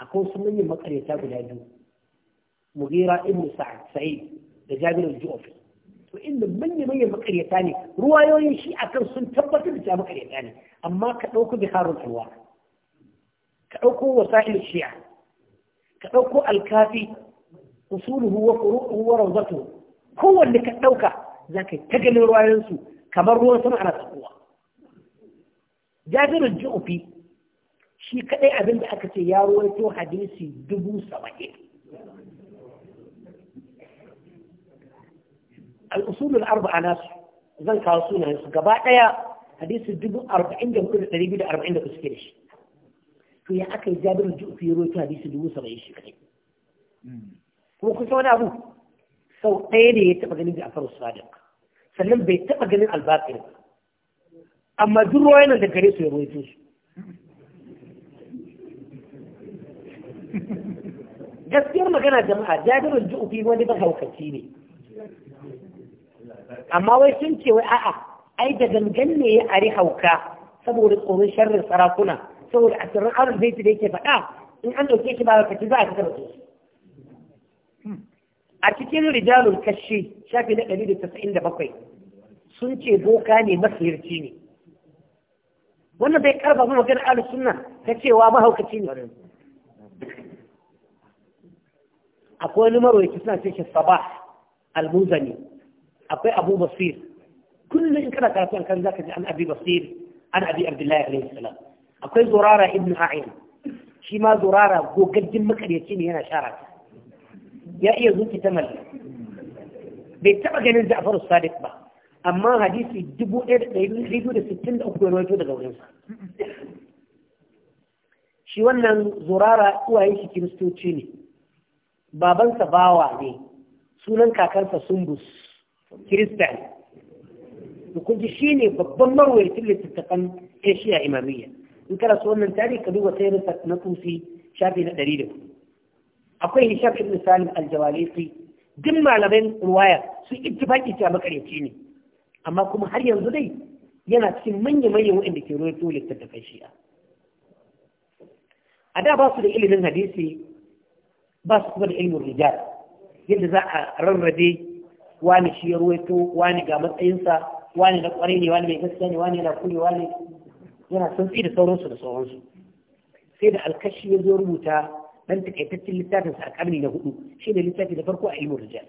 akwai wasu manyan makareta guda biyu mugira ibn sa'ad sa'id da jabir al-ju'fi to inda manyan manyan makaryata ne ruwayoyin shi akan sun tabbatar da cewa makaryata ne amma ka dauko biharul ruwa, ka dauko wasa'il shi'a ka dauko al-kafi usuluhu wa furu'uhu wa rawdatuhu kowanne ka dauka zaka ta ganin ruwayoyin su kamar ruwan sama ana tsakuwa jabir al shi kadai abin da aka ce ya ruwaito hadisi dubu saba'in al'usulul arba'a nasu zan kawo su gaba daya hadisi dubu arba'in da hudu da ɗari biyu da arba'in da suke da shi to ya aka yi jabir ju'fi ya ruwaito hadisi dubu saba'in shi kadai kuma kusa wani abu sau ɗaya ne ya taɓa ganin ja'far sadiq sannan bai taɓa ganin albaqir ba amma duk ruwayanan da gare su ya ruwaito su gaskiyar magana jama'a jabirul ju'fi wani ba haukaci ne amma wai sun ce wai a'a ai da gangan ne ya ari hauka saboda tsoron sharrin sarakuna saboda a tsarin zai zaiti da yake faɗa in an ɗauke shi ba haukaci za a fitar da a cikin rijalun kashe, shafi na ɗari da tasa'in da bakwai sun ce boka ne masirci ne wannan bai karfafa magana ahlus sunna ta cewa mahaukaci ne akwai wani marwayi suna ce shi sabah almuzani akwai abu basir kullum in kana karatu an kan zaka ji an abi basir an abi abdullahi alaihi salam akwai zurara ibnu a'in shi ma zurara gogaggen makaryaci ne yana shara ya iya zuci ta malla bai taba ganin Ja'far Sadiq ba amma hadisi 1263 ya rawaito daga sa shi wannan zurara uwaye shi kiristoci ne babansa bawa ne sunan kakarsa sumbus kiristan hukunci shi ne babban marwayacin littattafan asia imamiyya in kana so wannan tare ka duba sayar na kusi shafi na ɗari da ku. akwai hisham ibn salim aljawalisi duk malaman ruwaya sun ittifaki ta makaryaci ne amma kuma har yanzu dai yana cikin manya-manyan waɗanda ke ruwaito littattafan shi'a a da ba su da ilimin hadisi ba su kuma da ilmin rijal yadda za a rarrabe wani shi ya ruwaito wani ga matsayinsa wani na kwarai ne wani mai gaskiya ne wani yana kule wani yana santsi da sauransu da sauransu sai da alkashi ya zo rubuta dan takaitaccen littafinsa a karni na hudu shi ne littafi da farko a ilmin rijal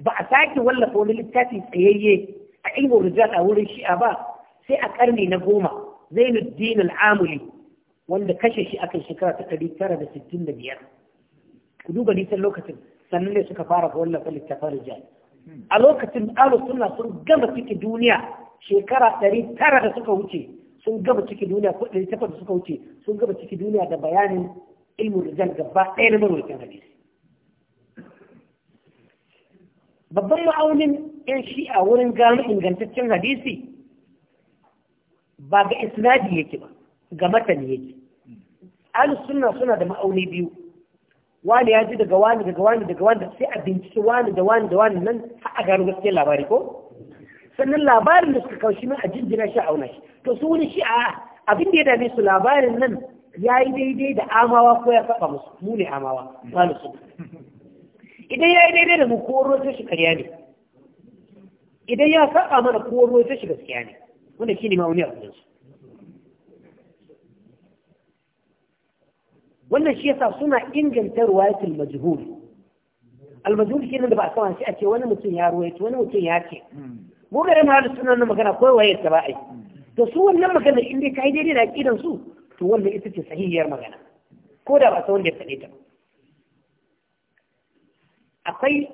ba a sake wallafa wani littafi tsayayye a ilmin rijal a wurin shi'a ba sai a karni na goma zainuddin al'amuli wanda kashe shi akan shekara ta ɗari tara da sittin da biyar ku duba nisan lokacin sannan ne suka fara wallafa littafin rijal a lokacin alu sunna sun gama ciki duniya shekara ɗari tara da suka wuce sun gama ciki duniya ko ɗari takwas da suka wuce sun gama ciki duniya da bayanin ilmu rijal gaba ɗaya na marwakin hadisi babban ma'aunin yan shi'a wurin gano ingantaccen hadisi ba ga isnadi yake ba ga matani yake alu suna suna da ma'auni biyu wani ya ji daga wani daga wani daga wani sai a binciki wani da wani da wani nan har a gano gaskiyar labari ko sannan labarin da suka kaushi min a jinjina shi a auna shi to su wani shi a abin da ya dame su labarin nan ya yi daidai da amawa ko ya saba musu mu ne amawa ba su idan ya yi daidai da mu ko ruwa shi karya ne idan ya saba mana ko ruwa shi gaskiya ne wanda shi ne ma'auni da su. wannan shi yasa suna inganta ruwayatul majhul al-majhul shi ne da ba a san shi a ce wani mutum ya ruwaito wani mutum ya ce mu ga yana da sunan magana ko waye ta ba ai to su wannan magana in dai kai daidai da aqidan su to wannan ita ce sahihiyar magana ko da ba san wanda ya faɗe ta akwai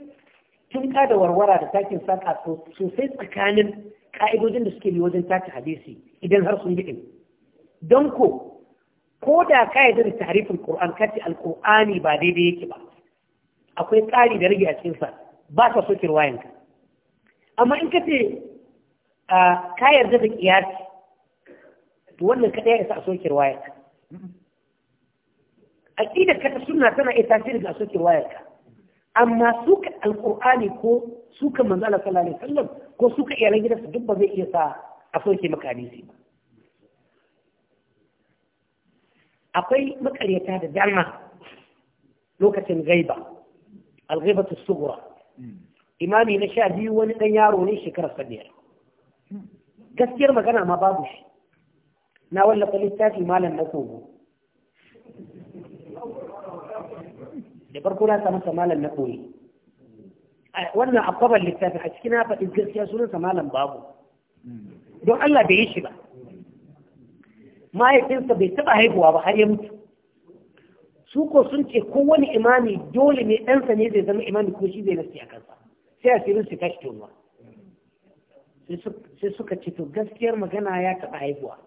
tun da warwara da takin saka sosai tsakanin ka'idojin da suke bi wajen taka hadisi idan har sun yi don ko ko da ka yarda da tahrifin Qur'an kace Al-Qur'ani ba daidai yake ba akwai tsari da rage a cikin sa ba ka soke ruwayanka amma in kace ka yarda da kiyasi to wannan kada ya isa a soke ruwayanka aqidar ka ta sunna tana iya tasiri ga soke ruwayanka amma suka alƙur'ani ko suka manzo Allah sallallahu alaihi wasallam ko suka iyalan gidansa duk ba zai iya sa a soke maka hadisi ba أقي مكالية هذا الدعمة لوكة غيبة الغيبة الصغرى إمامي نشاء ديو ونقيار ونشي كرس فدير كثير ما قنا ما بابش ناولا قليستاتي مالا نكوه لبركو لا تمسى مالا نكوه وانا أقبل لكتابي حسكنا فإذ قلت يا سنة مالا بابو دو الله بيشبه mahaifinsa bai taɓa haihuwa ba har ya mutu su ko sun ce wani imami dole ne ɗansa ne zai zama imami ko shi zai nasi a kansa sai a sirin su tashi tonuwa sai suka ce to gaskiyar magana ya taɓa haihuwa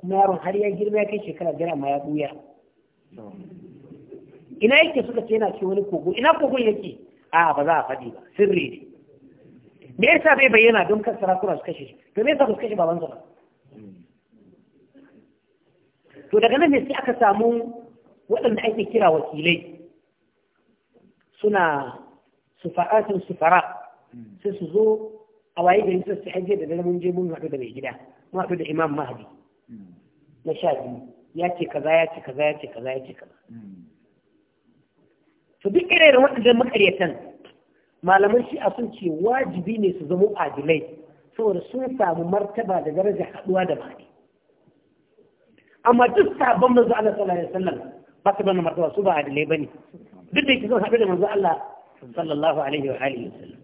kuma yaron har ya girma ya kai shekara biyar amma ya ɓuya ina yake suka ce yana ce wani kogo ina kogon yake a ba za a faɗi ba sirri ne me yasa bai bayyana don kan sarakuna su kashe shi to me yasa su kashe babansa ba to daga nan ne sai aka samu waɗanda ake kira wakilai suna sufara'atun sufara sai su zo a waye gari sai su hajje da dare mun je mun haɗu da mai gida mun haɗu da imam mahdi na sha biyu ya ce kaza ya ce kaza ya ce kaza ya ce kaza to duk irin waɗanda makaryatan malaman shi sun ce wajibi ne su zama adilai saboda sun samu martaba da daraja haɗuwa da mahdi amma duk sabon manzo Allah sallallahu alaihi wasallam ba su bane martaba su ba adalai bane duk da yake sun haɗu da manzo Allah sallallahu alaihi wa alihi wasallam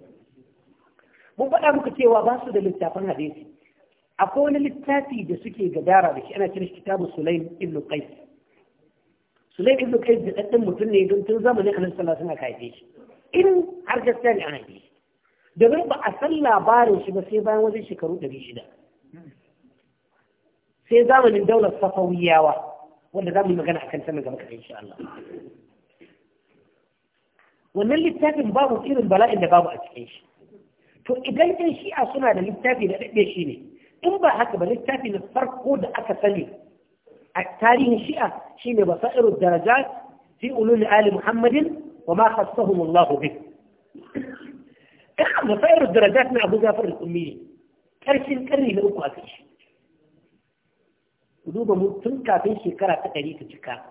mun faɗa muku cewa ba su da littafin hadisi akwai wani littafi da suke gadara da shi ana cire kitabu Sulaim ibn Qais Sulaim ibn Qais da daddan mutum ne don tun zamanin kan sallallahu suna wasallam haife shi in har gaskiya ne ana haife da domin ba a san labarin shi ba sai bayan wajen shekaru 600 سي زمن الدولة الصفوية و ولا زمن ما كان حكم سمع جمك إن شاء الله وإن اللي تافه مباب وكير البلاء اللي بابه أتعيش تو إذا إذا شيء أصنع اللي تافه لأ بيشيني إن با حكب اللي تافه نفر قود أكثني التاريخ شيء شيء بصائر الدرجات في أولون آل محمد وما خصهم الله به إخوة بصائر الدرجات من أبو جافر الأمي كرسين كرسين كرسين ku duba mu tun kafin shekara ta ɗari ta cika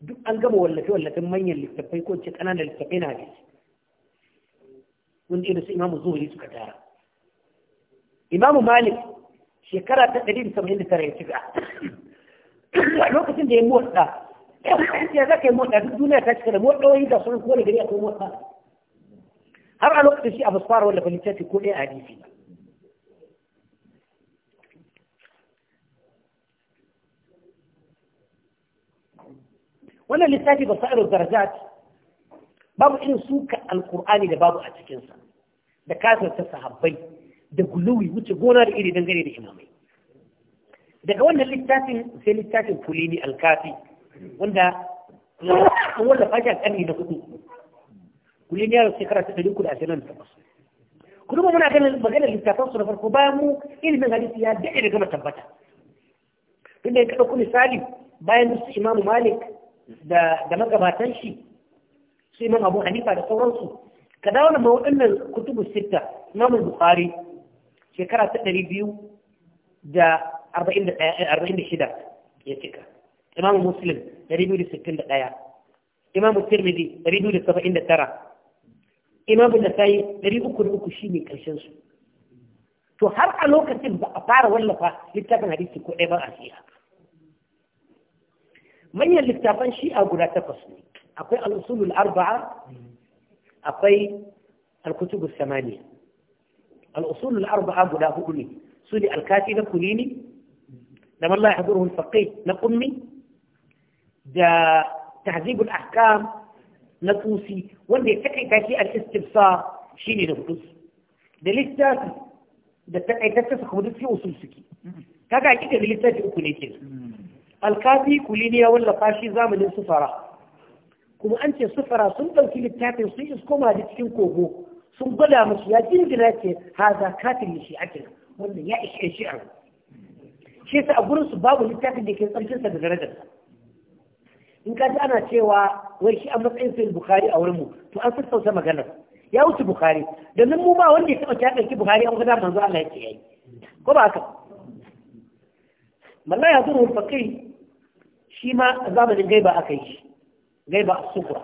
duk an gama wallafe wallafen manyan littattafai ko ce ƙananan littattafai na hadisi wanda irin su imamu zuhuri suka tara imamu malik shekara ta ɗari da saba'in da tara ya cika a lokacin da ya motsa ya za ka yi motsa duk duniya ta cika da motsawoyi da sun kowane gari akwai motsa har a lokacin shi a basu fara wallafa littafi ko ɗaya a hadisi ba wannan littafi ba sa'ir darajat babu in suka alqur'ani da babu a cikinsa da kasar ta sahabbai da guluwi wuce gona da iri dangane da imamai daga wannan littafin sai littafin kulini alkafi wanda an wallafa shi a ƙarni na hudu Kulini ya rasu shekara ta ɗari a ashirin da takwas kuma muna ganin maganar littafansu na farko bayan mu ilimin hadisi ya daɗe da gama tabbata tunda ya kaɗa ku misali bayan su imamu malik da da magabatan shi su imam abu hanifa da sauransu ka dawo da waɗannan kutubu sitta imam bukhari shekara ta ɗari biyu da eh, arba'in da shida ya cika imam muslim ɗari biyu da sittin da ɗaya imam tirmidhi ɗari biyu da saba'in da tara imam nasa'i ɗari uku da uku shine ƙarshen su to har a lokacin ba a fara wallafa littafin hadisi ko ɗaya ba a siya manyan littafan shi'a guda takwas ne akwai al'usulul arba'a akwai al-kutubus samaniya al'usulul arba'a guda hudu ne su ne alkati na kulini da mallahi hadurul faqih na ummi da tahzibul ahkam na tusi wanda ya takaita shi al shi ne da hudu da littafi da takaita ta su kuma duk usul suke kaga kike da littafi uku ne kenan alkafi kulini ya wallafa shi zamanin sufara kuma an ce sufara sun ɗauki littafin sun isko ma da cikin kogo sun gwada musu ya jingina ce haza katin shi ake wannan ya ishe shi a shi sa a gurin su babu littafin da ke tsarkin sa da darajar in ka ji ana cewa wai shi a matsayin sai bukhari a wurin mu to an sassauta maganar ya wuce bukhari da nan mu ba wanda ya taɓa ta ɗauki bukhari an gwada manzo Allah ya ce yayi ko ba haka mallaya zuru fakai shi ma a zamanin gaiba aka yi gaiba a sukura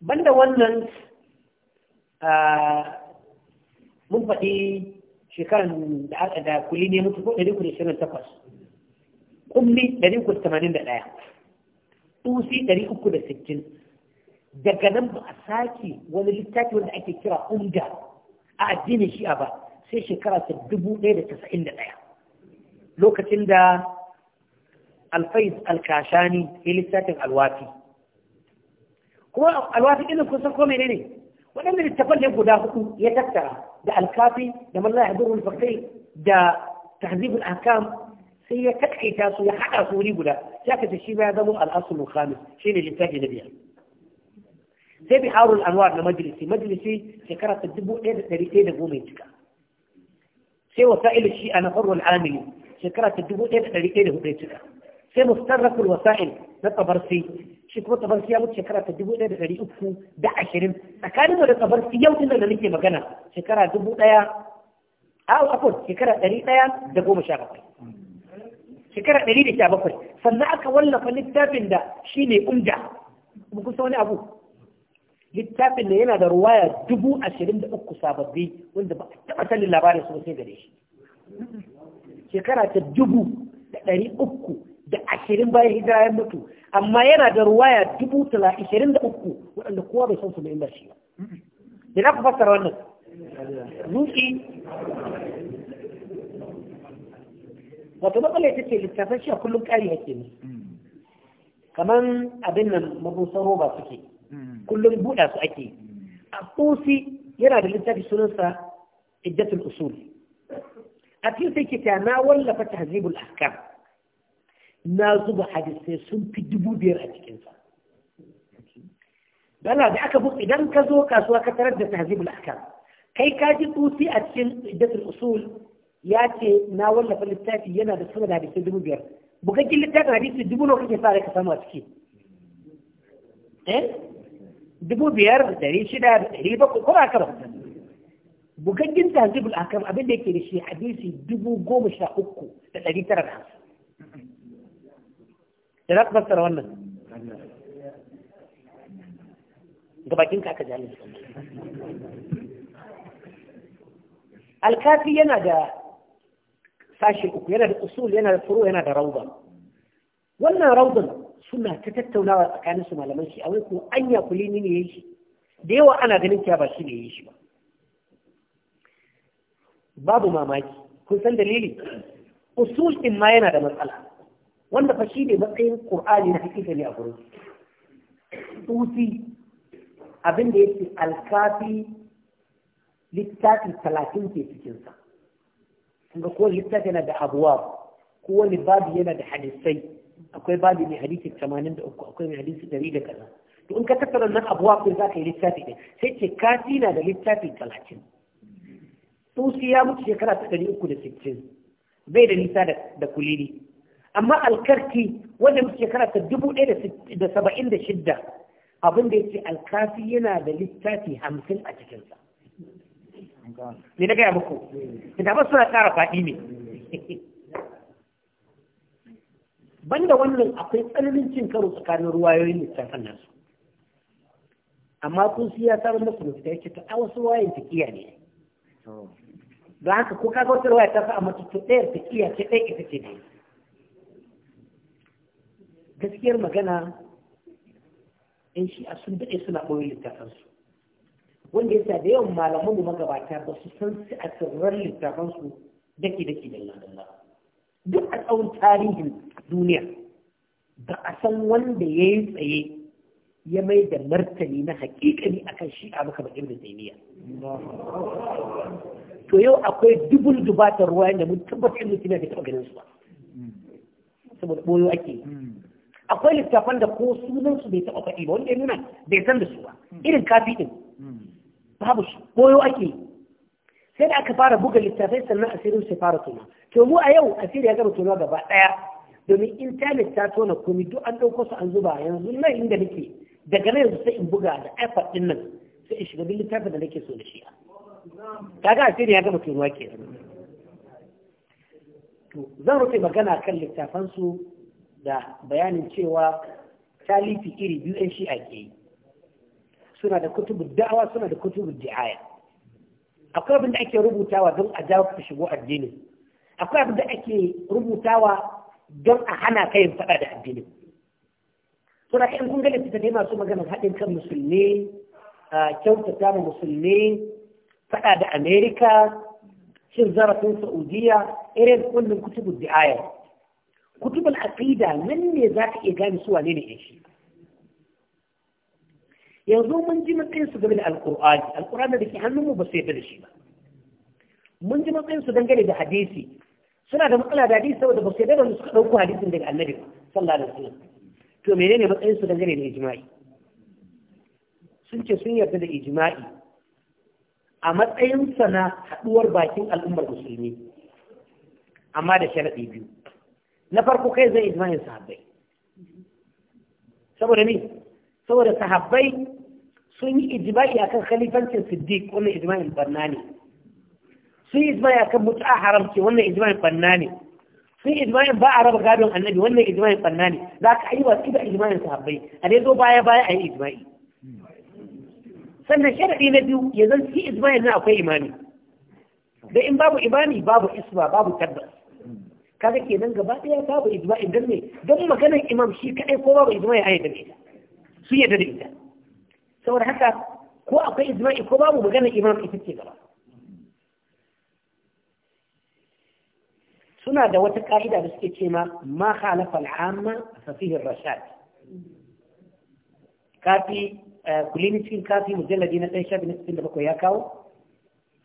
banda wannan mun faɗi shekarar da kuli ne mutu ɗaya, ɗusi kummi 381 tusi 360 daga nan ba a sake wani littafi wanda ake kira umda a addinin shi'a ba sai shekara ta 1091 lokacin da alfais alkashani ya littafin alwafi kuma alwafi ɗin kusan ko menene waɗanda littafan ne guda hudu ya tattara da alkafi da mallaya hadurul fakai da tahzibul ahkam sai ya takaita su ya haɗa su wuri guda ya ka shi ba ya zama al'asul khamis shi ne littafi na biyar sai biharul anwar na majalisi majalisi shekara ta dubu ɗaya da ɗari ɗaya da goma cika sai wasa'ilu shi a na farwal amili شكرات الدبو إيه حالي إيه هو ريتنا سي مسترق الوسائل نطبرسي شكرا طبرسي يوت شكرات الدبو إيه حالي أبو دا عشرين أكاد ما نطبرسي يوت إنا نليكي مغانا شكرات الدبو إيه أو أقول شكرات الدبو إيه دبو مشاغبي شكرات الدبو إيه شابقر فلنعك ولا فلنتابن دا شيني أمجع بقول سواني أبو littafin da yana da ruwaya dubu ashirin da uku sababbi wanda ba a taɓa sanin labarin sosai da shekara ta dubu da ɗari uku da ashirin bayan hijira ya mutu amma yana da ruwaya dubu tala ashirin da uku waɗanda kowa bai san su mai inda shi ba. Da za ku fassara wannan? Nuki. Wato matsala ita ce littafin shi a kullum ƙari hake ne. Kaman abin nan mabusan roba suke. Kullum buɗa su ake. A ƙusi yana da littafi sunansa iddatul usul. a cikin sai kita na wallafa ta tahzibul ahkam na zuba hadisai sun fi dubu biyar a cikinsa dala da aka buɗe idan ka zo kasuwa ka tarar da ta tahzibul ahkam kai ka ji tusi a cikin iddatul usul ya ce na wallafa littafi yana da sama da hadisai dubu biyar bugaggen littafin hadisi dubu nawa kake sa ka samu a ciki eh dubu biyar da dari shida da dari bakwai ko ba ba bugaggin tajibul akam abin da yake da shi hadisi dubu goma sha uku da ɗari tara da hamsin da za ku fassara wannan ga bakin ka aka alkafi yana da sashen uku yana da usul yana da furo yana da rauba wannan rauban suna ta tattaunawa tsakaninsu malaman shi a wai ko anya kulini ne ya yi shi da yawa ana ganin kya ba shi ne ya yi shi ba babu mamaki kun san dalili usul din ma yana da matsala wanda fa shi ne matsayin qur'ani na hakika ne a gurin tuti abin da yake alkafi littafi talatin ke cikinsa kuma ko littafi yana da abuwa ko wani babu yana da hadisai akwai babu mai hadisi tamanin da uku akwai mai hadisi dari da kaza to in ka tattara nan abuwa ko za ka yi littafi sai ce kafi na da littafi talatin tusi ya mutu shekara ta ɗari uku da sittin bai da nisa da kuliri amma alkarki wanda mutu shekara ta dubu ɗaya da saba'in da shidda abin da ya ce alkafi yana da littafi hamsin a cikinsa ne na gaya muku ba suna ƙara faɗi ne banda wannan akwai tsananin cin karo tsakanin ruwayoyin littafin su, amma kun siya sabon da mutu ta yake ta a wasu wayan tafiya ne Da haka ko ka wata waya ta sa mata to ɗayar ta kiya ce ɗaya ita ce dai gaskiyar magana in shi a sun daɗe suna ɓoye littafansu wanda ya sa da yawan malaman mu magabata ba su san su a sirran littafansu dake dake da Allah duk a tsawon tarihin duniya ba a san wanda ya yi tsaye ya mai da martani na hakikani akan shi a maka ibn da to yau akwai dubul dubatar ruwa yadda mun tabbatar da kina da taɓa ganin su ba saboda boyo ake hmm. akwai littafan da ko sunan su bai taɓa faɗi ba wanda ya nuna bai san da su ba irin kafi din hmm. babu su boyo ake sai da aka fara buga littafai sannan asirin sai fara tona to mu a yau asiri ya gama tona gaba ɗaya domin intanet ta tona komi duk an ɗauko su an zuba yanzu nan inda nake daga nan yanzu sai in buga da ipad ɗin nan sai in shiga bin littafin da nake so da shi a kaga asiri ya gama turuwa ke zan rufe magana kan littafansu da bayanin cewa talifi iri biyu yan shi'a ke yi suna da kutubu da'awa suna da kutubu di'aya akwai abin da ake rubutawa don a jawo ku shigo addinin akwai abin da ake rubutawa don a hana kayan faɗa da addinin suna kayan kun ga masu magana haɗin kan musulmi kyautata ma musulmi faɗa da amerika cin zarafin saudiya irin wannan kutubun da'aya kutubun aƙida nan ne za ka iya gane su wane ne ya shi yanzu mun ji matsayinsu game da alkur'ani alkur'ani da ke hannunmu ba su yadda da shi ba mun ji matsayinsu dangane da hadisi suna da matsala da hadisi saboda ba su yadda da suka ɗauko hadisin daga annabi sallallahu alaihi wasallam to menene matsayinsu dangane da ijma'i sun ce sun yarda da ijma'i a matsayinsa na haɗuwar bakin al'ummar musulmi amma da sharaɗi biyu na farko kai zai ijma'in sahabbai saboda ne saboda sahabbai sun yi ijma'i akan khalifancin siddiq wannan ijma'in barna ne sun yi ijma'i akan mut'a haramci wannan ijma'in barna ne sun yi ijma'in ba a raba gadon annabi wannan ijma'in barna ne za ka ayi wasu da ijma'in sahabbai a dai zo baya baya a yi ijma'i sannan sharaɗi na biyu ya zan fi isma na akwai imani da in babu imani babu isma babu tabbas kaga kenan gaba ɗaya babu isma idan ne don maganar imam shi kaɗai ko babu isma ya ayyana da ita Sun yadda da ita saboda haka ko akwai isma ko babu maganar imam ita ce gaba suna da wata ƙa'ida da suke ce ma ma khalafa al'amma fa fihi rashad kafi Eh, kulini cikin kafi mujalladi na ɗaya na cikin da bakwai ya kawo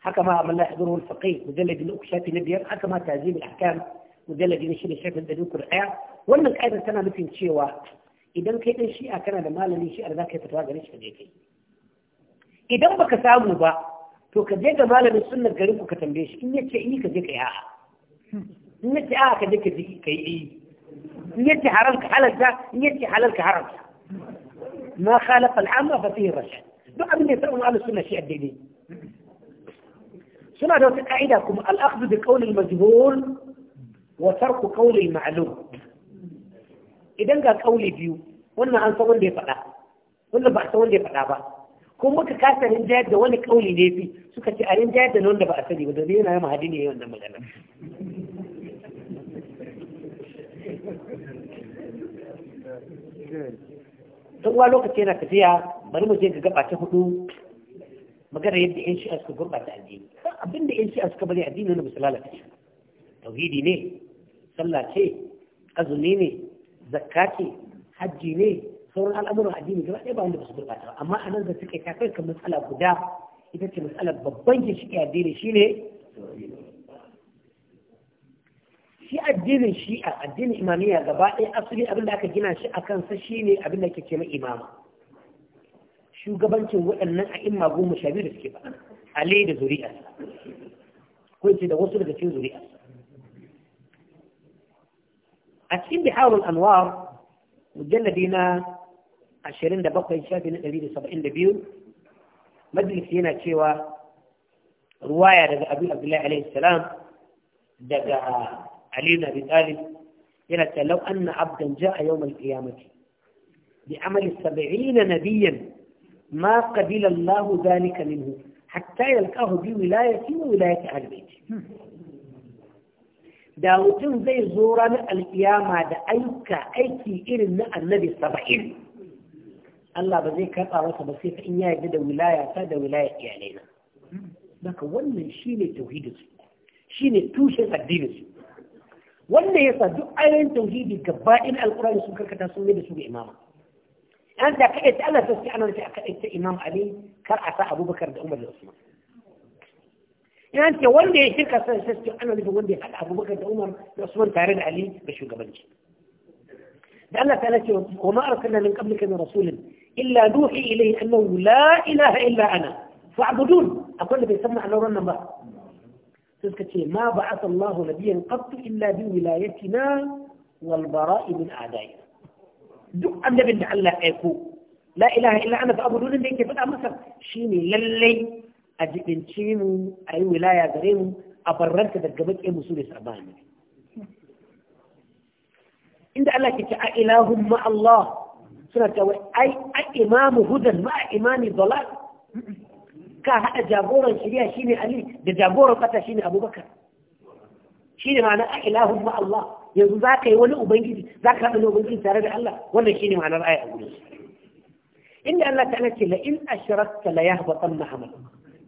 haka ma amma lahi zuruwar faƙai mujalladi na uku na biyar haka ma tazimi ahkam mujalladi na shida shafi ɗari uku da ɗaya wannan ƙa'idar tana nufin cewa idan kai ɗan shi'a kana da malamin shi'a da za ka yi fatawa shi ka je kai idan baka samu ba to ka je ga malamin garin ku shi ka yi ka ka ما خالف العامة ففيه رجع duk abin ya samu Allah suna shi addini suna da wata ka'ida kuma al da bi qawl al-majhul wa tarku qawl al-ma'lum idan ga kauli biyu wannan an san wanda ya faɗa wannan ba a san wanda ya faɗa ba kuma muka kasa rinjayar da wani kauli ne fi suka ce a rinjayar da wanda ba a sani ba da yana yin hadini yayin wannan magana don wa lokaci yana tafiya bari mu je ga gaba ta hudu magana yadda yan shi'a suka gurɓata addini abinda yan shi'a suka bari addini na musulala ta shi tauhidi ne sallah ce azumi ne zakka hajji ne sauran al'amuran addini gaba ɗaya ba wanda ba su gurɓata ba amma anan da suka ta matsala guda ita ce matsalar babban ginshiƙi addini ne. shi addinin shi'a addinin imamiyya gaba ɗaya asali abin da aka gina shi a kansa shi ne abin da ke ce na imama shugabancin waɗannan a imma goma sha biyu da suke faɗa ali da zuri'a ko ce da wasu daga cikin zuri'a a cikin biharul anwar mujalladi na ashirin da bakwai shafi na ɗari da saba'in da biyu majalisi yana cewa ruwaya daga abu abdullahi alaihi salam daga Ali na Talib yana cewa law anna abdan ja'a yawm al-qiyamati bi amali 70 nabiyyan ma qabila Allah dhalika minhu hatta yalqahu bi wilayati wa wilayati al-bayt da mutum zai zo ranar alkiyama da aika aiki irin na annabi saba'in Allah ba zai karɓa masa ba sai ta in ya yarda da wilaya ta da wilaya iyalaina. Daga wannan shi ne tauhidinsu, shi ne tushen addininsu. wanda ya sa duk ayoyin tauhidi gaba in alkurani sun karkata sun yi da su ga imama an da kaɗai ta Allah sai ana rufe a kaɗai ta imam Ali kar a sa Abubakar da Umar da Usman Yan ce wanda ya shirka sai sai ana rufe wanda ya haɗa Abubakar da Umar da Usman tare da Ali da shugabanci da Allah ta ce wa ma arsalna min qablika min rasulin illa nuhi ilayhi annahu la ilaha illa ana fa'budun akwai da bai san ma'anar nan ba suka ce ma ba a sallahu biyan qattu illa bi wilayatina wal walbara min a'da'i duk annabin da Allah ya aiko la ilaha illa ana fa abudu da yake faɗa masa shine lallai a jibince mu a yi wilaya gare mu a barranta daga ke musu da sabani inda Allah ke ce a ilahun ma Allah suna cewa ai a imamu hudan ma a imami dalal ka haɗa jagoran shirya shine ne Ali da jagoran ƙasa shine Abubakar. Shi ne ma'anar ilahun ma Allah, yanzu za ka yi wani Ubangiji, za ka haɗa Ubangiji tare da Allah, wannan shi ne ma'anar aya a gudun. Inda Allah ta ce la in ashrakta la yahbatan mahamal.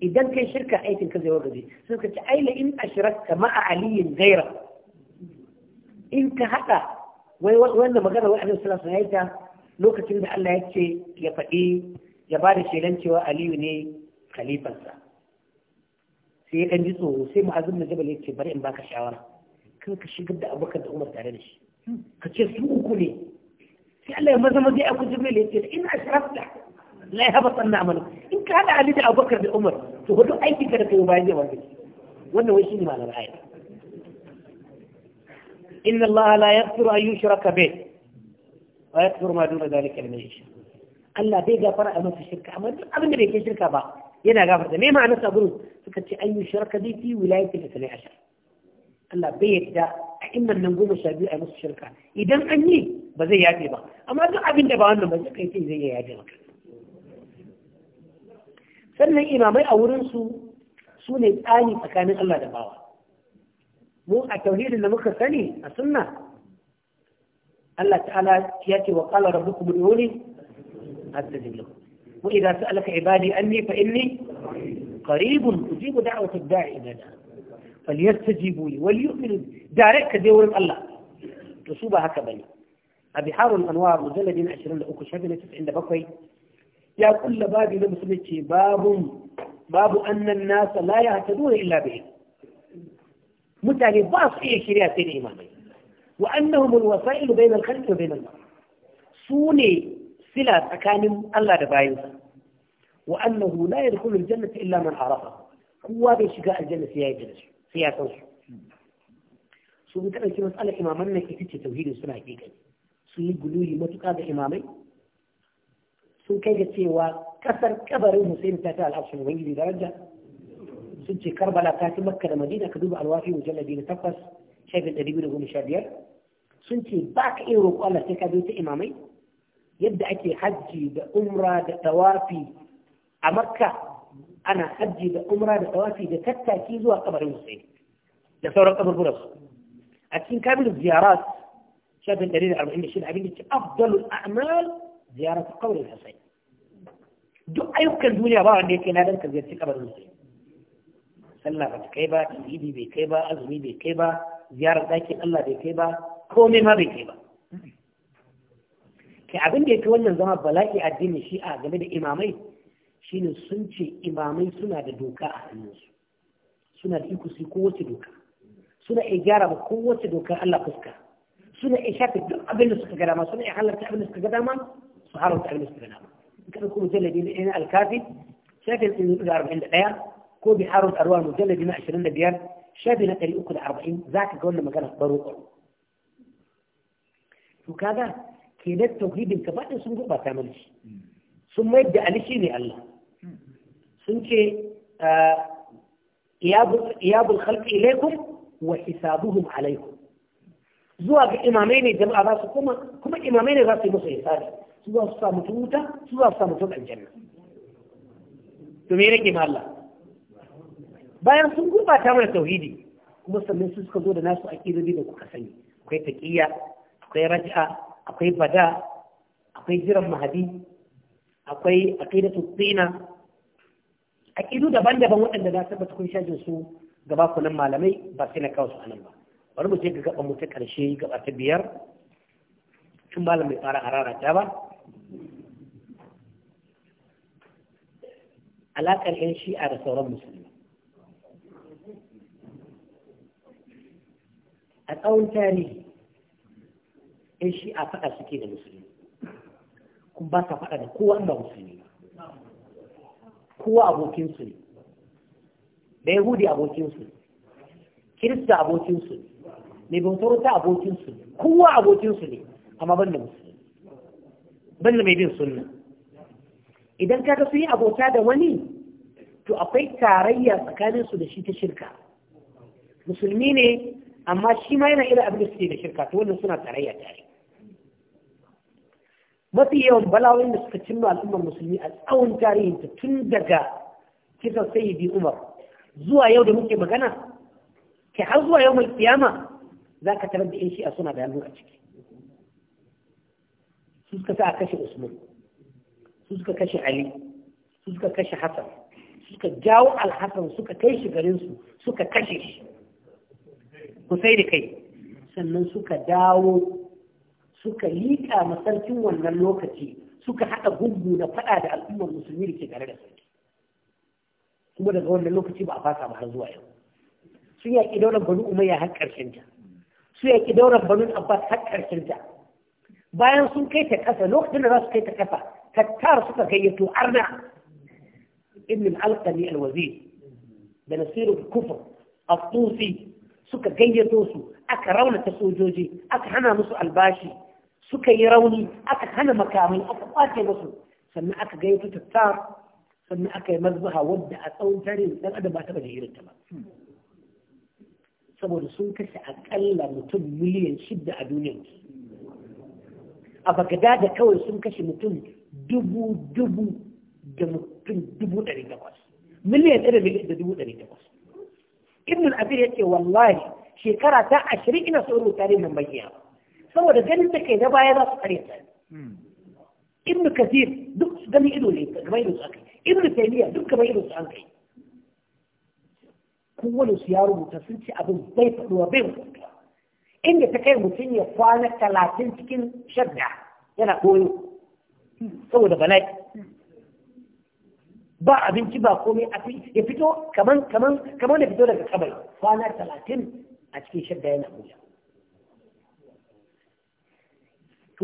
Idan kai shirka aikin ka zai wargaje, sai ka ce ai la in ashrakta ma'a aliyin gaira. In ka haɗa wai wannan magana wai Annabi sallallahu alaihi wasallam ya yi ta lokacin da Allah ya ce ya faɗi ya ba da shelan cewa Aliyu ne khalifansa sai ya ji tsoro sai ma'azin na jabal ya ce bari in baka shawara kan ka shigar da abokan da umar tare da shi ka ce su uku ne sai Allah ya maza maza ya ku jibril ya ce in ashrafta la yahba sannan amal in ka hada ali da abokan da umar to wato aikin ka da kai bayan zai wanda wannan wai ne ma'anar ayat inna Allah la yaghfiru an yushraka bih wa yaghfiru ma duna dhalika liman yasha Allah bai gafara a masa shirka amma duk abin bai kai shirka ba yana gafarta me ma'anar saburu suka ce an yi shirka dai fi wilayatul isnai ashar Allah bai yadda a imman nan goma sha biyu a musu shirka idan an yi ba zai yafe ba amma duk abin da ba wannan ba zai ce zai yafe ba. sannan imamai a wurinsu su ne tsani tsakanin Allah da bawa mu a tauhidin da muka sani a sunna Allah ta'ala ya ce wa qala rabbukum ud'uni astajib lakum وإذا سألك عبادي أني فإني قريب أجيب دعوة الداعي إذا دعا فليستجيبوا لي وليؤمنوا دارك دور الله تصوب هكذا لي أبي حار الأنوار مجلد 23 شهر 97 يا كل باب لمسلمتي باب باب أن الناس لا يهتدون إلا به متعني باص إيه شريعتين إمامين وأنهم الوسائل بين الخلق وبين المرء سوني صلة أكانم الله دبايو وأنه لا يدخل الجنة إلا من عرفه هو بيشقاء الجنة فيها يدرس فيها توش سوى كأن في مسألة إمامنا كتير توحيد السنة حقيقة سوى قلوا ما تقاد إمامي سوى كي جتي وكسر كبر المسلم تاتا الحبس المهي لدرجة سوى كربلا تاتي مكة المدينة كذوب الوافي وجل دين تقص شايف التدبير هو مشابير سنتي باك إيروك الله سيكا إمامي yadda ake hajji da umra da tawafi a makka ana hajji da umra da tawafi da tattaki zuwa kabarin hussein da sauran kaburburan su a cikin kamil ziyarat shafin 146 abin da ke afdalul a'mal ziyarat kabarin hussein duk ayyukan duniya ba wanda yake na dan ka ziyarci kabarin hussein sallah ba ta kai ba tauhidi bai kai ba azumi bai kai ba ziyarar ɗakin Allah bai kai ba komai ma bai kai ba kai abin da ya fi wannan zama bala'i addinin a game da imamai shine sun ce imamai suna da doka a hannunsu suna da iko sai kowace doka suna iya gyara ba kowace dokar Allah fuska suna iya shafe duk abin da suka ga dama suna iya halarta abin da suka ga dama su halarta abin da suka ga dama kada ku mujalladi na ɗaya alkafi shafi na ɗari da arba'in da ɗaya ko bi harun arwa mujalladi na ashirin da biyar shafi na ɗari uku da arba'in za ka ga wannan magana baro baro to kaga kenan tauhidin ka faɗin sun gurɓata mana shi sun mayar da ali shi ne Allah sun ce ah, iyabul khalqi ilaikum wa hisabuhum alaikum zuwa ga imamai ne jama'a za su kuma kuma imamai ne za su yi musu hisabi su za su samu tuta wuta su za su samu tuta aljanna to me yake ma Allah bayan sun gurɓata mana tauhidi kuma sannan su suka zo da nasu aƙidodi da kuka sani akwai taqiyya akwai raj'a akwai bada akwai jiran mahadi akwai aqidatu tsina aqidu daban-daban waɗanda na tabbata kun shajin su gaba kunan malamai ba sai na kawo su anan ba bari mu je ga gaban mu ta karshe gaba ta biyar tun malamai mai fara harara ta ba alaƙar 'yan shi'a da sauran musulmi a tsawon tarihi sai shi a faɗa suke da musulmi kuma ba sa faɗa da kowa ba musulmi ba kowa abokinsu ne da yahudi abokinsu ne kirista abokinsu ne mai bautar wuta abokinsu ne kowa abokinsu ne amma ban da musulmi ban da mai bin sunna idan ka ga su yi abota da wani to akwai tarayya tsakaninsu da shi ta shirka musulmi ne amma shi ma yana irin abin da suke da shirka to wannan suna tarayya tare mafi yawan bala'o'in da suka cimma al'ummar musulmi a tsawon tarihinta tun daga kisan sayyidi umar zuwa yau da muke magana ke har zuwa yau mai kiyama za ka tarar da 'yan shi'a suna da yanzu a ciki su suka sa a kashe usman su suka kashe ali su suka kashe hassan suka jawo alhassan suka kai shi garinsu suka kashe shi ku sai da kai sannan suka dawo suka liƙa masarkin wannan lokaci suka haɗa gungu na faɗa da al'ummar musulmi da ke tare da sarki kuma daga wannan lokaci ba a fasa ba har zuwa yau sun yaƙi daular banu umayya har ƙarshen ta su yaƙi daular banu abbas har ƙarshen ta bayan sun kai ta kasa lokacin da za su kai ta ƙasa tattara suka gayyato arna ibn al alwazir da nasiru kufur al-tusi suka gayyato su aka raunata sojoji aka hana musu albashi suka yi rauni aka hana makamai aka kwace musu sannan aka gaito tattar sannan aka yi mazbaha wadda a tsawon tarihin dan adam ba taba da ta ba saboda sun kashe akalla mutum miliyan shida a duniyar a bagada da kawai sun kashe mutum dubu dubu da mutum dubu ɗari takwas miliyan ɗari da dubu ɗari takwas ibn abir ya ce wallahi shekara ta ashirin ina sauro tarihin nan bayyana saboda ganin da kai na baya za su tsare ta hmm. ibnu kathir duk ganin ido ne kamar ido su kai ibnu taymiya duk kamar ido su kai kowane su ya rubuta sun ce abin bai faduwa bai rubuta inda ta kai mutum ya kwana talatin cikin shadda yana koyo saboda bala'i ba abinci ba komai a ya fito kaman kaman kaman da fito daga kabari kwana talatin a cikin shadda yana koyo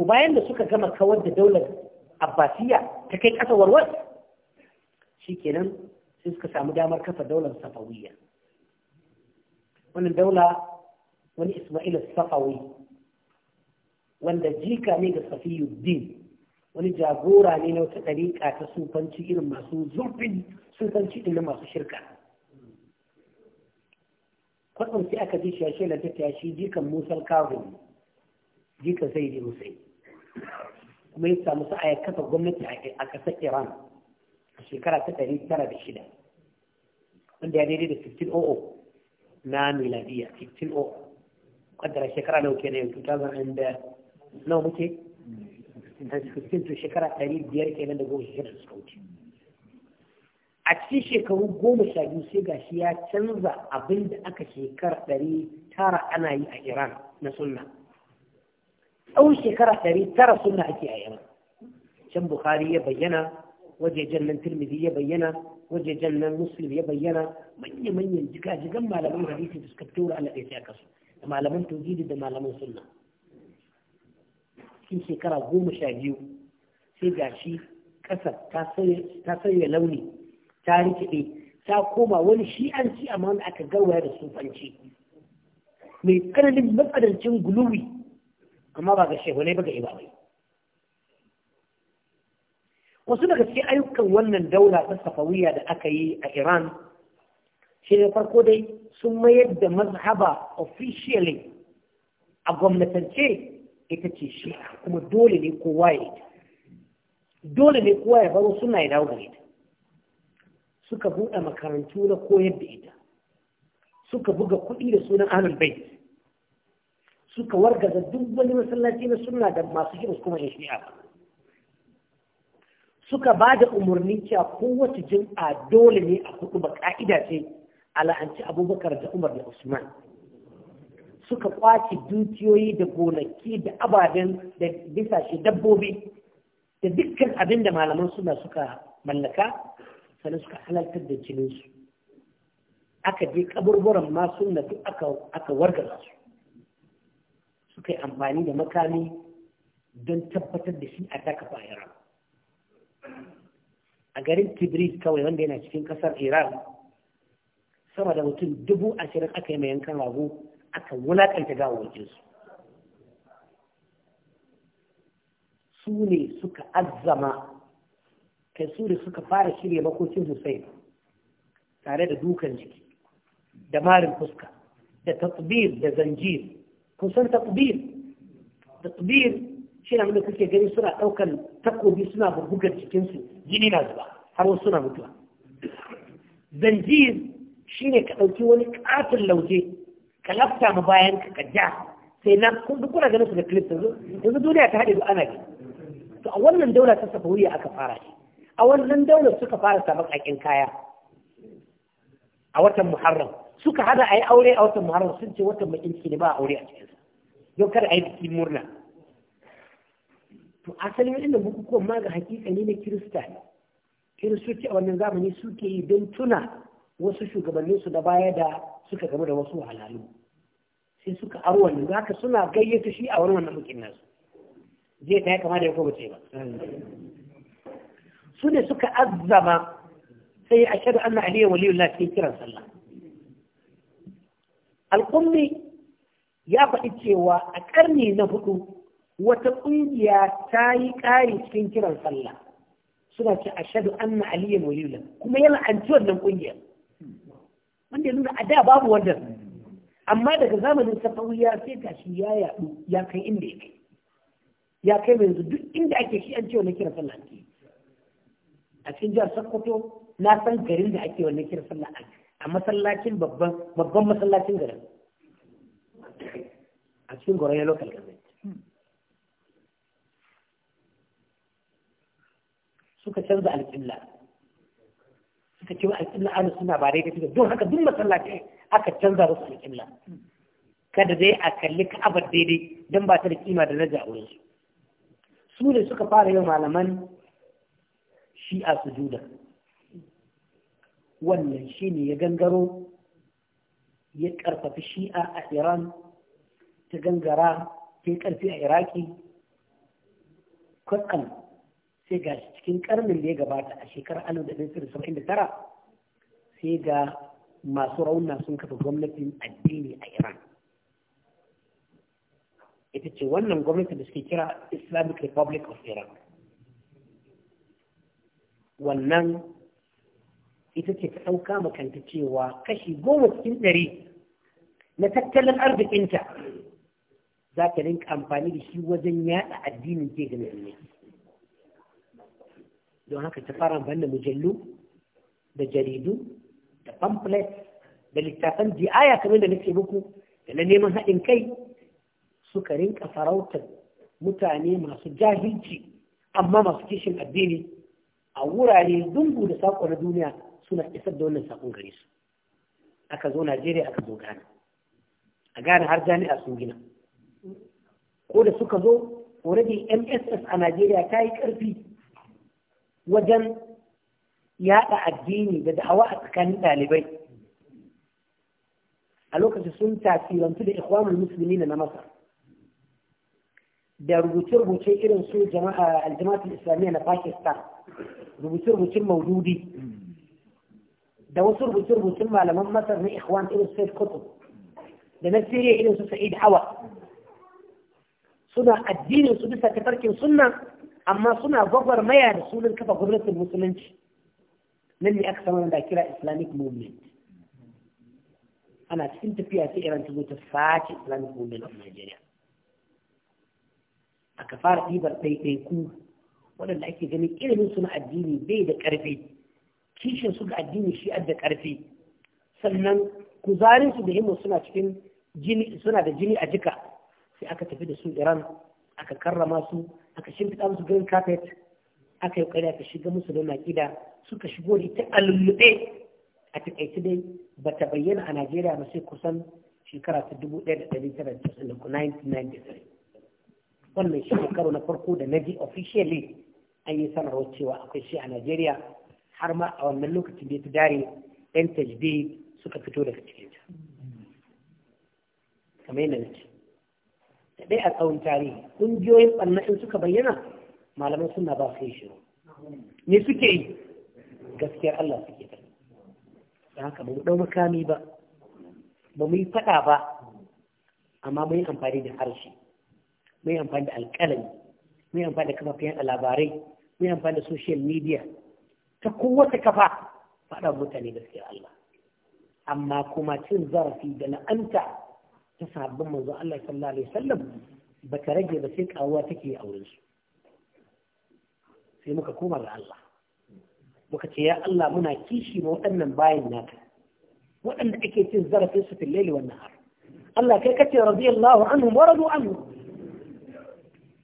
to bayan da suka gama kawar da daular abbasiya ta kai ƙasa warwar shi kenan sai suka samu damar kafa daular safawiyya wannan daula wani ismail safawi wanda jika ne ga safiyuddin wani jagora ne na wata ɗariƙa ta sufanci irin masu zurfin sufanci ɗin na masu shirka kwatsam sai aka ji shi ya shi shi jikan musal kawo jikan sai yi. musai kuma ya samu sa'a ya kafa gwamnati a ƙasar iran a shekara ta ɗari tara da shida wanda ya daidai da 1500 na miladiya 1500 ƙaddara shekara nawa na yau 2000 da nawa muke 15 to shekara ɗari biyar kenan da goma shekara suka wuce a cikin shekaru goma sha biyu sai ga shi ya canza abin da aka shekara ɗari tara ana yi a iran na sunna tsawon shekara ɗari tara suna ake a yamma can bukhari ya bayyana wajejen nan turmidi ya bayyana wajejen nan muslim ya bayyana manya-manyan jigajigan malaman hadisi da suka tura ala ɗaya a kasu da malaman tauhidi da malaman sunna cikin shekara goma sha biyu sai ga shi ƙasar ta sauya launi ta rikide ta koma wani shi'anci amma wanda aka garwaya da sufanci mai kananin matsanancin guluwi amma ba ga ne ba ga imamai wasu daga cikin ayyukan wannan daula ta safawiya da aka yi a iran shi ne farko dai sun mayar da mazhaba officially a gwamnatance ita ce shi'a kuma dole ne kowa ya ita dole ne kowa ya baro suna ya dawo gare ta suka buɗe makarantu na koyar da ita suka buga kuɗi da sunan ahlul bait suka wargaza duk wani masallaci na suna da masu jimus kuma ya shi'a suka ba da umarni cewa kowace jin'a dole ne a kudu ba ka'ida ce a la'anci abubakar da umar da usman suka kwace dukiyoyi da gonaki da ababen da bisa shi dabbobi da dukkan abin da malaman suna suka mallaka sannan suka halartar da jininsu aka je kaburburan masu na duk aka wargaza su suka yi amfani da makami don tabbatar da shi a taka a A garin Tibris kawai wanda yana cikin ƙasar Iran, sama da mutum dubu ashirin aka yi mai yankan rago aka wulaƙanta gawawakinsu. Su ne suka azama kai su ne suka fara shirya makocin Hussein tare da dukan jiki, da marin fuska, da tatbir da zanjiri kun san takbir takbir shi ne da kuke gani suna ɗaukar takobi suna burbugar jikinsu jini na zuba har wasu suna mutuwa zanjir shi ne ka ɗauki wani ƙatin lauje ka lafta ma bayan ka ka sai na kun duk kuna ganin su da clip yanzu yanzu duniya ta haɗe ana gani to a wannan daula ta safawiyya aka fara shi a wannan daular suka fara samun baƙaƙen kaya a watan muharram suka hada a yi aure a watan muharram sun ce watan Makinci ne ba a aure a cikinsa don kada a yi biki murna to wani inda bukukuwan ma ga hakika ne na kirista ne kiristoci a wannan zamani suke yi don tuna wasu shugabanninsu da baya da suka gaba da wasu halalu sai suka aro wannan don haka suna gayyata shi a wani wannan bukin nasu zai ta kama da ya kuma ba su ne suka azzama sai a shaɗu anna aliyu waliyullah sai kiran sallah alƙummi ya faɗi cewa a ƙarni na hudu wata ƙungiya ta yi ƙari cikin kiran sallah suna ce a shaɗu an na aliyan waliyulan kuma yana an ci wannan ƙungiyar wanda nuna a da babu wannan amma daga zamanin safawiya sai gashi ya yaɗu ya kai inda ya kai ya kai mai yanzu duk inda ake shi an ce wannan kiran sallah a cikin jihar sokoto na san garin da ake wannan kiran sallah ake a masallacin babban masallacin garin a cikin goron ya lokal government suka canza alƙibla suka ce wa alƙibla ana suna ba dai tafiya don haka duk masallacin aka canza musu alƙibla kada dai a kalli ka'abar daidai don ba ta da kima da daraja a su ne suka fara yin malaman shi'a sujuda wannan shi ne ya gangaro ya karfafi shi'a a iran ta gangara ta yi karfi a iraki kwatsam sai ga cikin karnin da ya gabata a shekarar 1979 sai ga masu rauna sun kafa gwamnatin addini a iran ita ce wannan gwamnati da suke kira islamic republic of iran wannan ita ce ta ɗauka makanta cewa kashi goma cikin ɗari na tattalin arzikinta za ta rinka amfani da shi wajen yaɗa addinin ke ga musulmi don haka ta fara amfani da mujallu da jaridu da pamphlet da littafan di'aya kamar da nake muku da na neman haɗin kai suka rinka farautar mutane masu jahilci amma masu kishin addini a wurare dungu da sako na duniya suna isar da wannan sakon gare su aka zo Najeriya aka zo Ghana a Ghana har jami'a sun gina ko da suka zo already MSS a Najeriya ta yi ƙarfi wajen yaɗa addini da da'awa a tsakanin ɗalibai a lokacin sun tasirantu da ikhwanul musulmi na Masar da rubuce-rubuce irin su aljama'atul islamiyya na Pakistan rubuce-rubucen maududi hmm. ده وسرب وسرب وسرب على من مصر من إخوان إلو السيد كتب ده ما السيرية إلو سعيد حوى صنع الدين وسدسة كفرك وصنع أما صنع ظفر ما يرسول يعني كفى قدرة المسلمين من اللي أكثر من ذاكرة إسلاميك مؤمنين أنا سنت فيها في إيران تقول تفاتح إسلاميك مؤمنين في نيجيريا أكفار إيبر بيكوه ولا الحكي جميل إلى من صنع الدين بيدك أرفيد kishin su ga addini shi da ƙarfi sannan kuzarin su da himma suna cikin jini suna da jini a jika sai aka tafi da su Iran aka karrama su aka shimfiɗa musu green carpet aka yi ƙari aka shiga musu da maƙida suka shigo da ita alulluɗe a taƙaice dai ba ta bayyana a Najeriya ba sai kusan shekara ta dubu ɗaya da ɗari tara da wannan shi karo na farko da na ji officially an yi sanarwar cewa akwai shi a Najeriya har ma a wannan lokacin da ya fi dare yan tajbi suka fito daga cikin ta kamar da ɗaya a tsawon tarihi ƙungiyoyin ɓanna in suka bayyana malaman suna ba su yi shiru ne suke yi gaskiyar Allah suke ta da haka ba mu ɗau makami ba ba mu yi faɗa ba amma mu yi amfani da harshe mu yi amfani da alƙalami mu yi amfani da kafafen labarai mu yi amfani da social media ta kowace kafa faɗa mutane da suke Allah amma kuma cin zarafi da na'anta ta sabbin manzo Allah sallallahu alaihi wasallam ba ta rage ba sai kawuwa take a wurin sai muka koma ga Allah muka ce ya Allah muna kishi ma waɗannan bayan naka waɗanda ake cin zarafin su fil laili wannan har Allah kai kace radiyallahu anhum wa radu anhu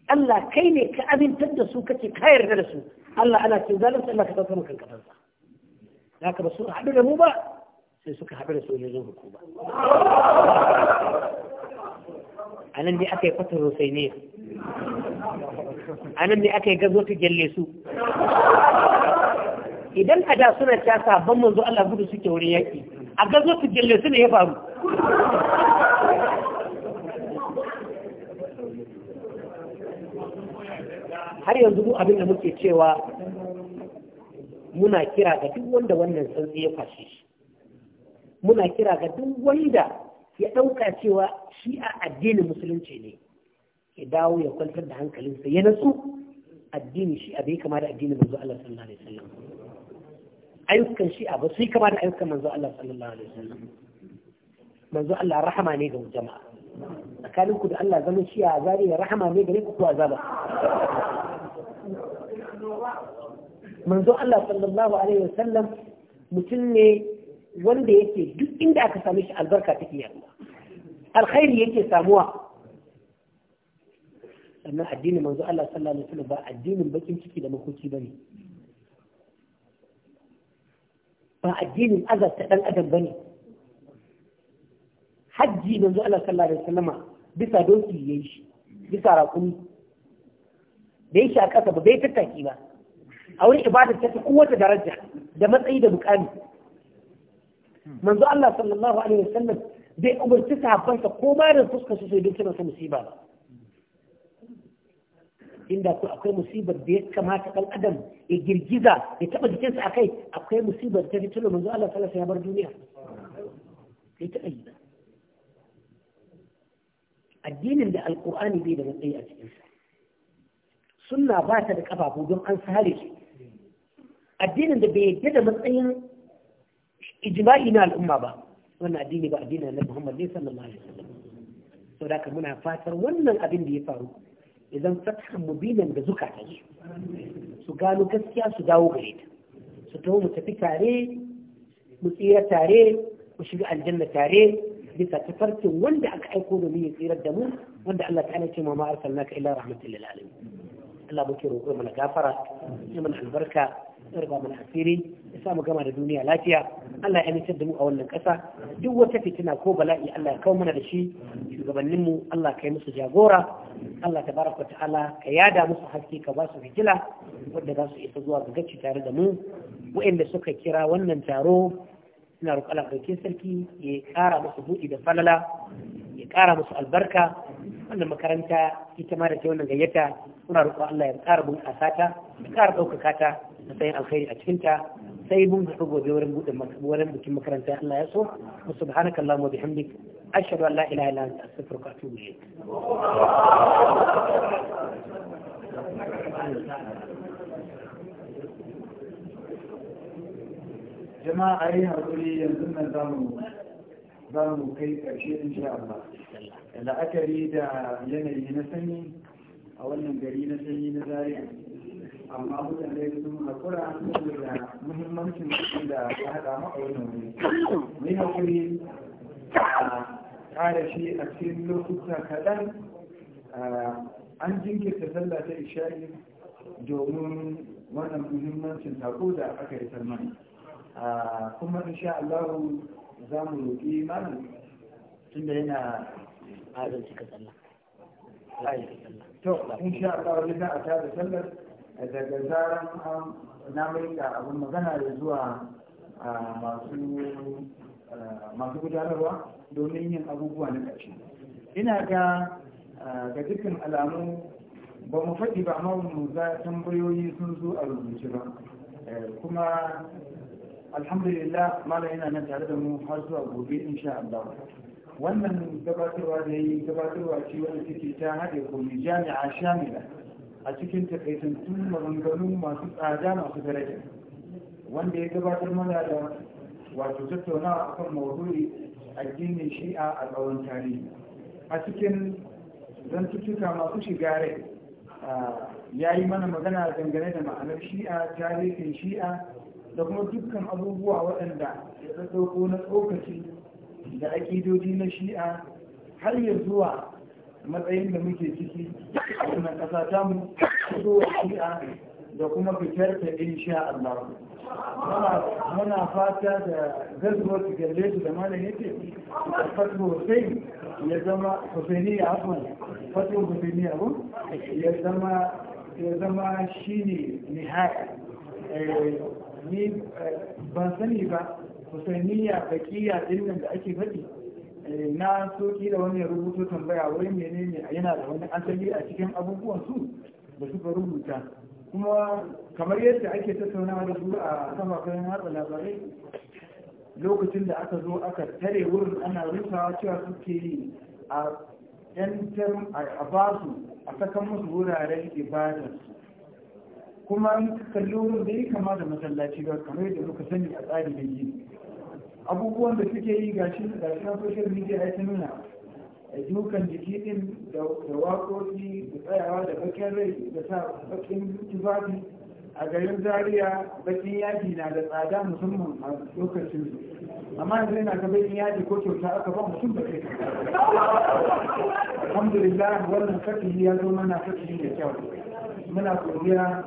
Allah kai ne ka amintar da su kace ka yarda da su Allah ana cin zalunci Allah ka sauka maka kafansa haka ba su haɗu da mu ba sai suka haɗu da su sojojin hukuma a nan ne aka yi kwatar rusai ne a nan ne aka yi gazo ta gyalle su idan a da suna ta sabon manzo Allah gudu suke wurin yaki, a gazo ta gyalle su ne ya faru har yanzu mu abin da muke cewa muna kira ga duk wanda wannan santsi ya kwashe shi muna kira ga duk wanda ya ɗauka cewa shi a addinin musulunci ne ya dawo ya kwantar da hankalinsa ya nasu addini shi a bai kama da addinin manzo Allah sallallahu alaihi wasallam ayyukan shi a ba su yi kama da ayyukan manzo Allah sallallahu alaihi wasallam manzo Allah rahama ne ga jama'a tsakaninku da Allah zama shi a zari rahama ne gare ku ko azaba manzo Allah sallallahu alaihi wasallam mutum ne wanda yake duk inda aka same shi albarka take yawa alkhairi yake samuwa sannan addinin manzo Allah sallallahu alaihi wasallam ba addinin bakin ciki da makoci bane ba addinin azabta dan adam bane hajji manzo Allah sallallahu alaihi wasallama bisa doki yayi shi bisa raƙumi bai shi a ƙasa ba bai tattaki ba a wurin ibadar ta fi kowace daraja da matsayi da mukami manzo Allah sallallahu alaihi wasallam bai umarci sahabbansa ko ma da fuskar su sai dai suna musiba ba inda ko akwai musibar da ya kamata dan adam ya girgiza ya taba jikinsa akai akwai musibar ta fitilo manzo Allah sallallahu alaihi wasallam ya bar duniya sai ta ayyana addinin da alqur'ani bai da matsayi a cikinsa sunna ba ta da kafafu don an sare su addinin da bai yadda da matsayin ijma'i na al'umma ba wannan addini ba addini na Muhammad ne sallallahu alaihi wasallam so da muna fatar wannan abin da ya faru idan fathan mubinan da zukata ne su gano gaskiya su dawo gare ta su taho mu tafi tare mu tsira tare mu shiga aljanna tare bisa tafarkin wanda aka aiko domin ya tsirar da mu wanda Allah ta'ala ce ma ma arsalnaka illa rahmatan lil Allah muke roƙo mana gafara ya mana albarka ya riga mana asiri ya samu gama da duniya lafiya Allah ya amince da mu a wannan ƙasa duk wata fitina ko bala'i Allah ya kawo mana da shi shugabannin mu Allah kai musu jagora Allah tabaraka ta'ala ka yada musu haske ka ba su fitila wanda za su isa zuwa ga tare da mu waɗanda suka kira wannan taro suna roƙon Allah sarki ya ƙara musu buɗi da falala ya ƙara musu albarka wannan makaranta ita ma da ta wannan gayyata muna roƙo Allah ya ƙara bunƙasa ta ya ƙara ɗaukaka ta da sayin alkhairi a cikin ta sai mun haɗu gobe wurin buɗe wurin bikin makaranta Allah ya so wa subhanaka allahumma bihamdik ashhadu an la ilaha illa anta astaghfiruka wa atubu ilayk jama'a ai hakuri yanzu nan zamu za mu kai ƙarshe in sha Allah la'akari da yanayi na sanyi a wannan gari na sanyi na zari amma mutane sun hakura da muhimmancin da ya haɗa maka a wannan wuri mai hakuri a ƙara shi a cikin lokuta kaɗan an jinkirta sallah ta isha'i domin wannan muhimmancin tako da aka yi salman kuma insha Allah za mu roƙi malam tunda yana adalci ka sallah to in sha Allah wani za a tada sallar daga zaran na abin magana da zuwa masu gudanarwa domin yin abubuwa na ƙarshe ina ga ga dukkan alamu ba mu faɗi ba amma mu za tambayoyi sun zo a rubuce ba eh, kuma alhamdulillah mala yana nan tare da mu har zuwa gobe insha Allah wannan gabatarwa da yi gabatarwa ce wanda take ta haɗe komi jami'a shamila a cikin takaitattun maganganu masu tsada masu daraja wanda ya gabatar mana da wato tattaunawa akan a addinin shi'a a tsawon tarihi a cikin zantuttuka masu shiga rai ya yi mana magana dangane da ma'anar shi'a tarihin shi'a da kuma dukkan abubuwa waɗanda ya ɗauko na tsokaci da aƙidoji na shi'a har ya zuwa matsayin da muke ciki na ƙasa ta mu zuwa shi'a da kuma fitar ta insha Allah muna fata da gazuwar su galle su da malam yake fatu hussein ya zama ya afon fatu husaini ya ya zama ya zama shine nihaya eh, ni eh, ban sani ba husainiya bakiya din da ake faɗi eh, na so da wani rubutu rubuto tambaya wai menene yana da wani asali a cikin abubuwan su da suka rubuta kuma kamar yadda ake tattaunawa da su a kafafen haɗa labarai lokacin da aka zo aka tare wurin ana rusawa cewa suke yi a a basu a sakan musu wuraren ibadarsu kuma an kalli wurin da ya kama da masallaci ba kamar yadda muka sani a tsari da gini abubuwan da suke yi ga shi da shi social media ya nuna dukan jiki din da waƙoƙi da tsayawa da bakin rai da sa bakin tufafi a garin zaria bakin yaki na da tsada musamman a lokacin su amma yanzu yana ga bakin yaki ko kyauta aka ba mutum ba kai alhamdulillah wannan fatihi ya zo mana fatihi da kyau muna godiya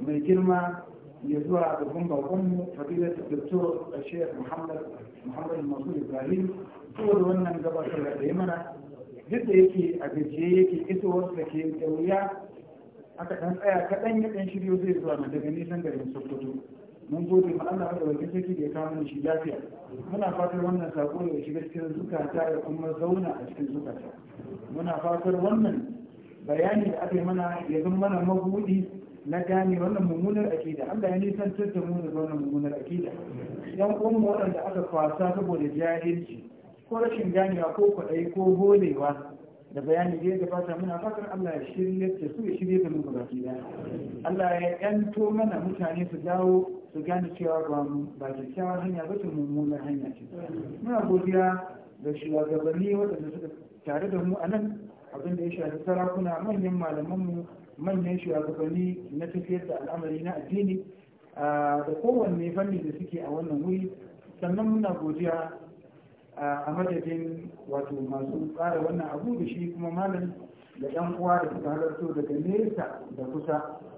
mai girma ya zuwa gaban bakonmu fadilar doktor sheikh muhammad muhammad masu ibrahim saboda wannan gabatar da ya mana duk da yake a gajiye yake isowar da ke da wuya aka ɗan tsaya kaɗan ya ɗan shiryo zai zuwa na daga nisan garin sokoto mun gode ma Allah da wajen saki da ya kawo mana shi lafiya muna fatar wannan sako ya shiga cikin zukata ya kuma zauna a cikin zukata muna fatar wannan bayani da aka yi mana ya zama mana mabuɗi na gane wannan mummunar akida Allah ya nisan da mu wannan mummunar akida yan kuma waɗanda aka kwasa saboda jahilci ko rashin ganewa ko kwaɗayi ko holewa da bayani da ya gabata muna fatan Allah ya shirye ta su ya shirye da mu Allah ya yanto mana mutane su dawo su gane cewa ba mu, ba kyakkyawar hanya ba ce mummunar hanya ce muna godiya da shugabanni waɗanda suka tare da mu a nan abinda ya shafi sarakuna manyan malamanmu manyan shugabanni na tafiyar da al'amari na addini da kowanne fanni da suke a wannan wuri sannan muna godiya a madadin wato masu tsara wannan abu da shi kuma malam da yan uwa da suka halarto daga nesa da kusa